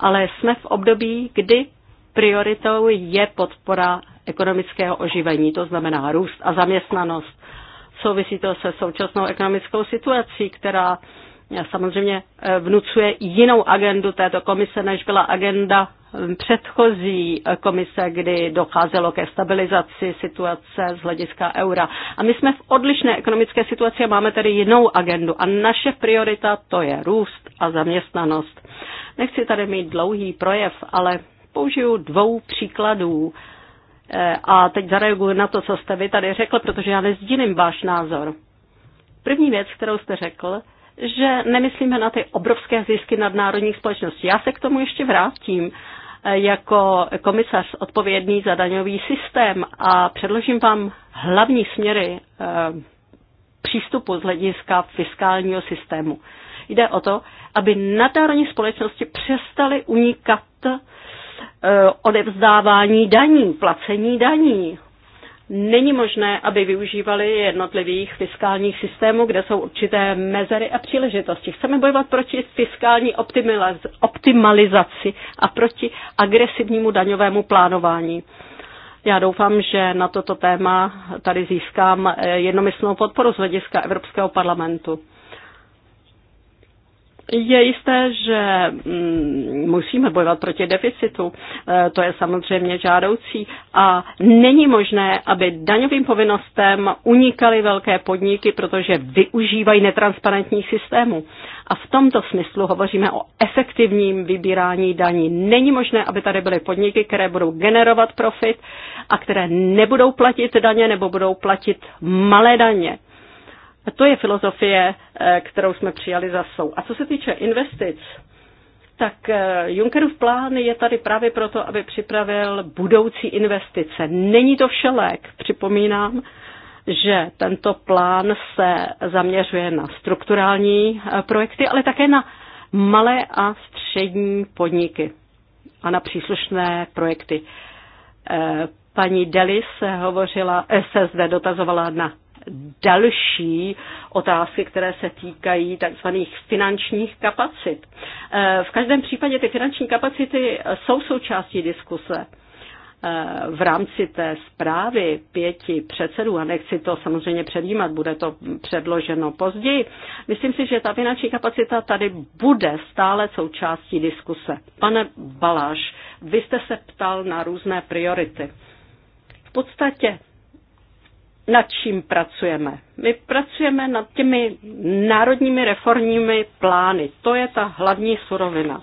ale jsme v období, kdy prioritou je podpora ekonomického oživení, to znamená růst a zaměstnanost. Souvisí to se současnou ekonomickou situací, která samozřejmě eh, vnucuje jinou agendu této komise, než byla agenda hm, předchozí eh, komise, kdy docházelo ke stabilizaci situace z hlediska eura. A my jsme v odlišné ekonomické situaci a máme tedy jinou agendu. A naše priorita to je růst a zaměstnanost. Nechci tady mít dlouhý projev, ale použiju dvou příkladů. Eh, a teď zareaguji na to, co jste vy tady řekl, protože já nezdílím váš názor. První věc, kterou jste řekl, že nemyslíme na ty obrovské zisky nadnárodních společností. Já se k tomu ještě vrátím jako komisař odpovědný za daňový systém a předložím vám hlavní směry eh, přístupu z hlediska fiskálního systému. Jde o to, aby nadnárodní společnosti přestaly unikat eh, odevzdávání daní, placení daní není možné, aby využívali jednotlivých fiskálních systémů, kde jsou určité mezery a příležitosti. Chceme bojovat proti fiskální optimalizaci a proti agresivnímu daňovému plánování. Já doufám, že na toto téma tady získám eh, jednomyslnou podporu z hlediska Evropského parlamentu. Je jisté, že mm, musíme bojovat proti deficitu, e, to je samozřejmě žádoucí a není možné, aby daňovým povinnostem unikaly velké podniky, protože využívají netransparentní systému. A v tomto smyslu hovoříme o efektivním vybírání daní. Není možné, aby tady byly podniky, které budou generovat profit a které nebudou platit daně nebo budou platit malé daně. A to je filozofie, eh, kterou jsme přijali za svou. A co se týče investic, tak eh, Junckerův plán je tady právě proto, aby připravil budoucí investice. Není to všelek, připomínám, že tento plán se zaměřuje na strukturální eh, projekty, ale také na malé a střední podniky a na příslušné projekty. Paní Delis se, hovořila, se zde dotazovala na další otázky, které se týkají tzv. finančních kapacit. Eh, v každém případě ty finanční kapacity jsou součástí diskuse eh, v rámci té zprávy pěti předsedů, a nechci to samozřejmě předjímat, bude to předloženo později, myslím si, že ta finanční kapacita tady bude stále součástí diskuse. Pane Baláš, vy jste se ptal na různé priority. V podstatě nad čím pracujeme? My pracujeme nad těmi národními reformními plány. To je ta hlavní surovina.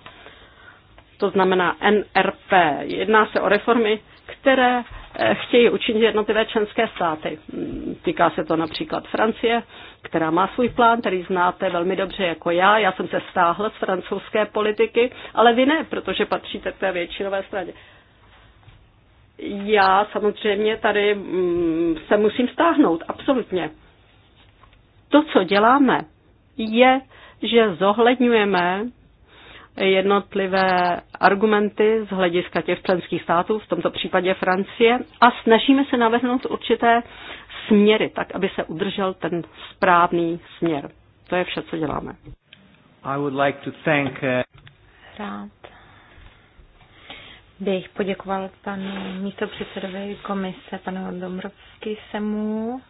To znamená NRP. Jedná se o reformy, které eh, chtějí učinit jednotlivé členské státy. Mm, týká se to například Francie, která má svůj plán, který znáte velmi dobře jako já. Já jsem se stáhl z francouzské politiky, ale vy ne, protože patříte k té většinové straně já samozřejmě tady mm, se musím stáhnout, absolutně. To, co děláme, je, že zohledňujeme jednotlivé argumenty z hlediska těch členských států, v tomto případě Francie, a snažíme se navrhnout určité směry, tak aby se udržel ten správný směr. To je vše, co děláme. I would like to thank, uh... Rád bych poděkoval panu místopředsedovi komise, panu semu.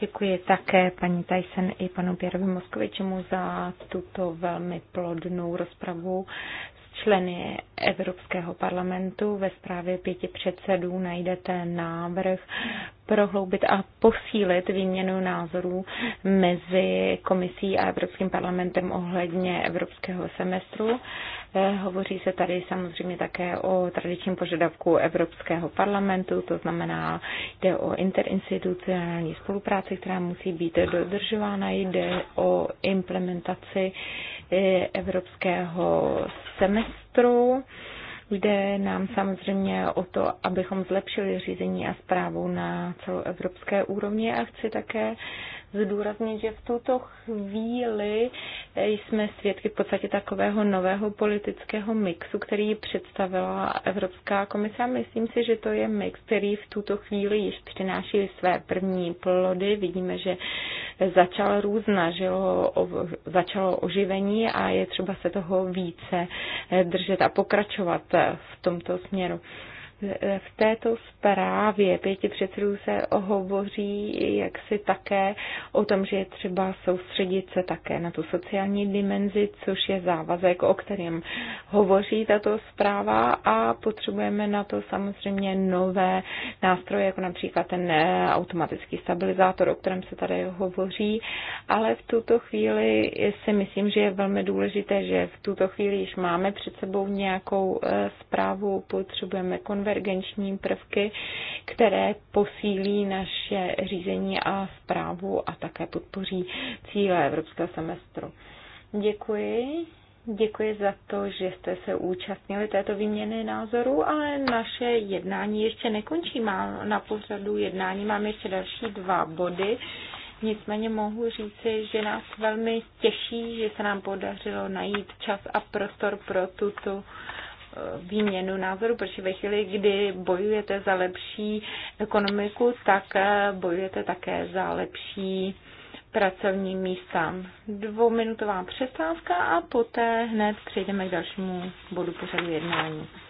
Děkuji také paní Tyson i panu Pěrovi Moskovičemu za tuto velmi plodnou rozpravu členy Evropského parlamentu. Ve zprávě pěti předsedů najdete návrh prohloubit a posílit výměnu názorů mezi komisí a Evropským parlamentem ohledně evropského semestru. Eh, hovoří se tady samozřejmě také o tradičním požadavku Evropského parlamentu, to znamená, jde o interinstitucionální spolupráci, která musí být dodržována, jde o implementaci evropského semestru. Jde nám samozřejmě o to, abychom zlepšili řízení a zprávu na celoevropské úrovni a chci také zdůraznit, že v tuto chvíli jsme svědky v podstatě takového nového politického mixu, který představila Evropská komise a myslím si, že to je mix, který v tuto chvíli již přináší své první plody. Vidíme, že začal růst, nažilo, začalo oživení a je třeba se toho více držet a pokračovat v tomto směru. V této zprávě pěti předsedů se hovoří jaksi také o tom, že je třeba soustředit se také na tu sociální dimenzi, což je závazek, o kterém hovoří tato zpráva a potřebujeme na to samozřejmě nové nástroje, jako například ten eh, automatický stabilizátor, o kterém se tady hovoří, ale v tuto chvíli si myslím, že je velmi důležité, že v tuto chvíli již máme před sebou nějakou eh, zprávu, potřebujeme konverzaci, konvergenční prvky, které posílí naše řízení a zprávu a také podpoří cíle evropského semestru. Děkuji. Děkuji za to, že jste se účastnili této výměny názorů, ale naše jednání ještě nekončí. Má na pořadu jednání mám ještě další dva body. Nicméně mohu říci, že nás velmi těší, že se nám podařilo najít čas a prostor pro tuto výměnu názoru, protože ve chvíli, kdy bojujete za lepší ekonomiku, tak eh, bojujete také za lepší pracovní místa. Dvouminutová přestávka a poté hned přejdeme k dalšímu bodu pořadu jednání.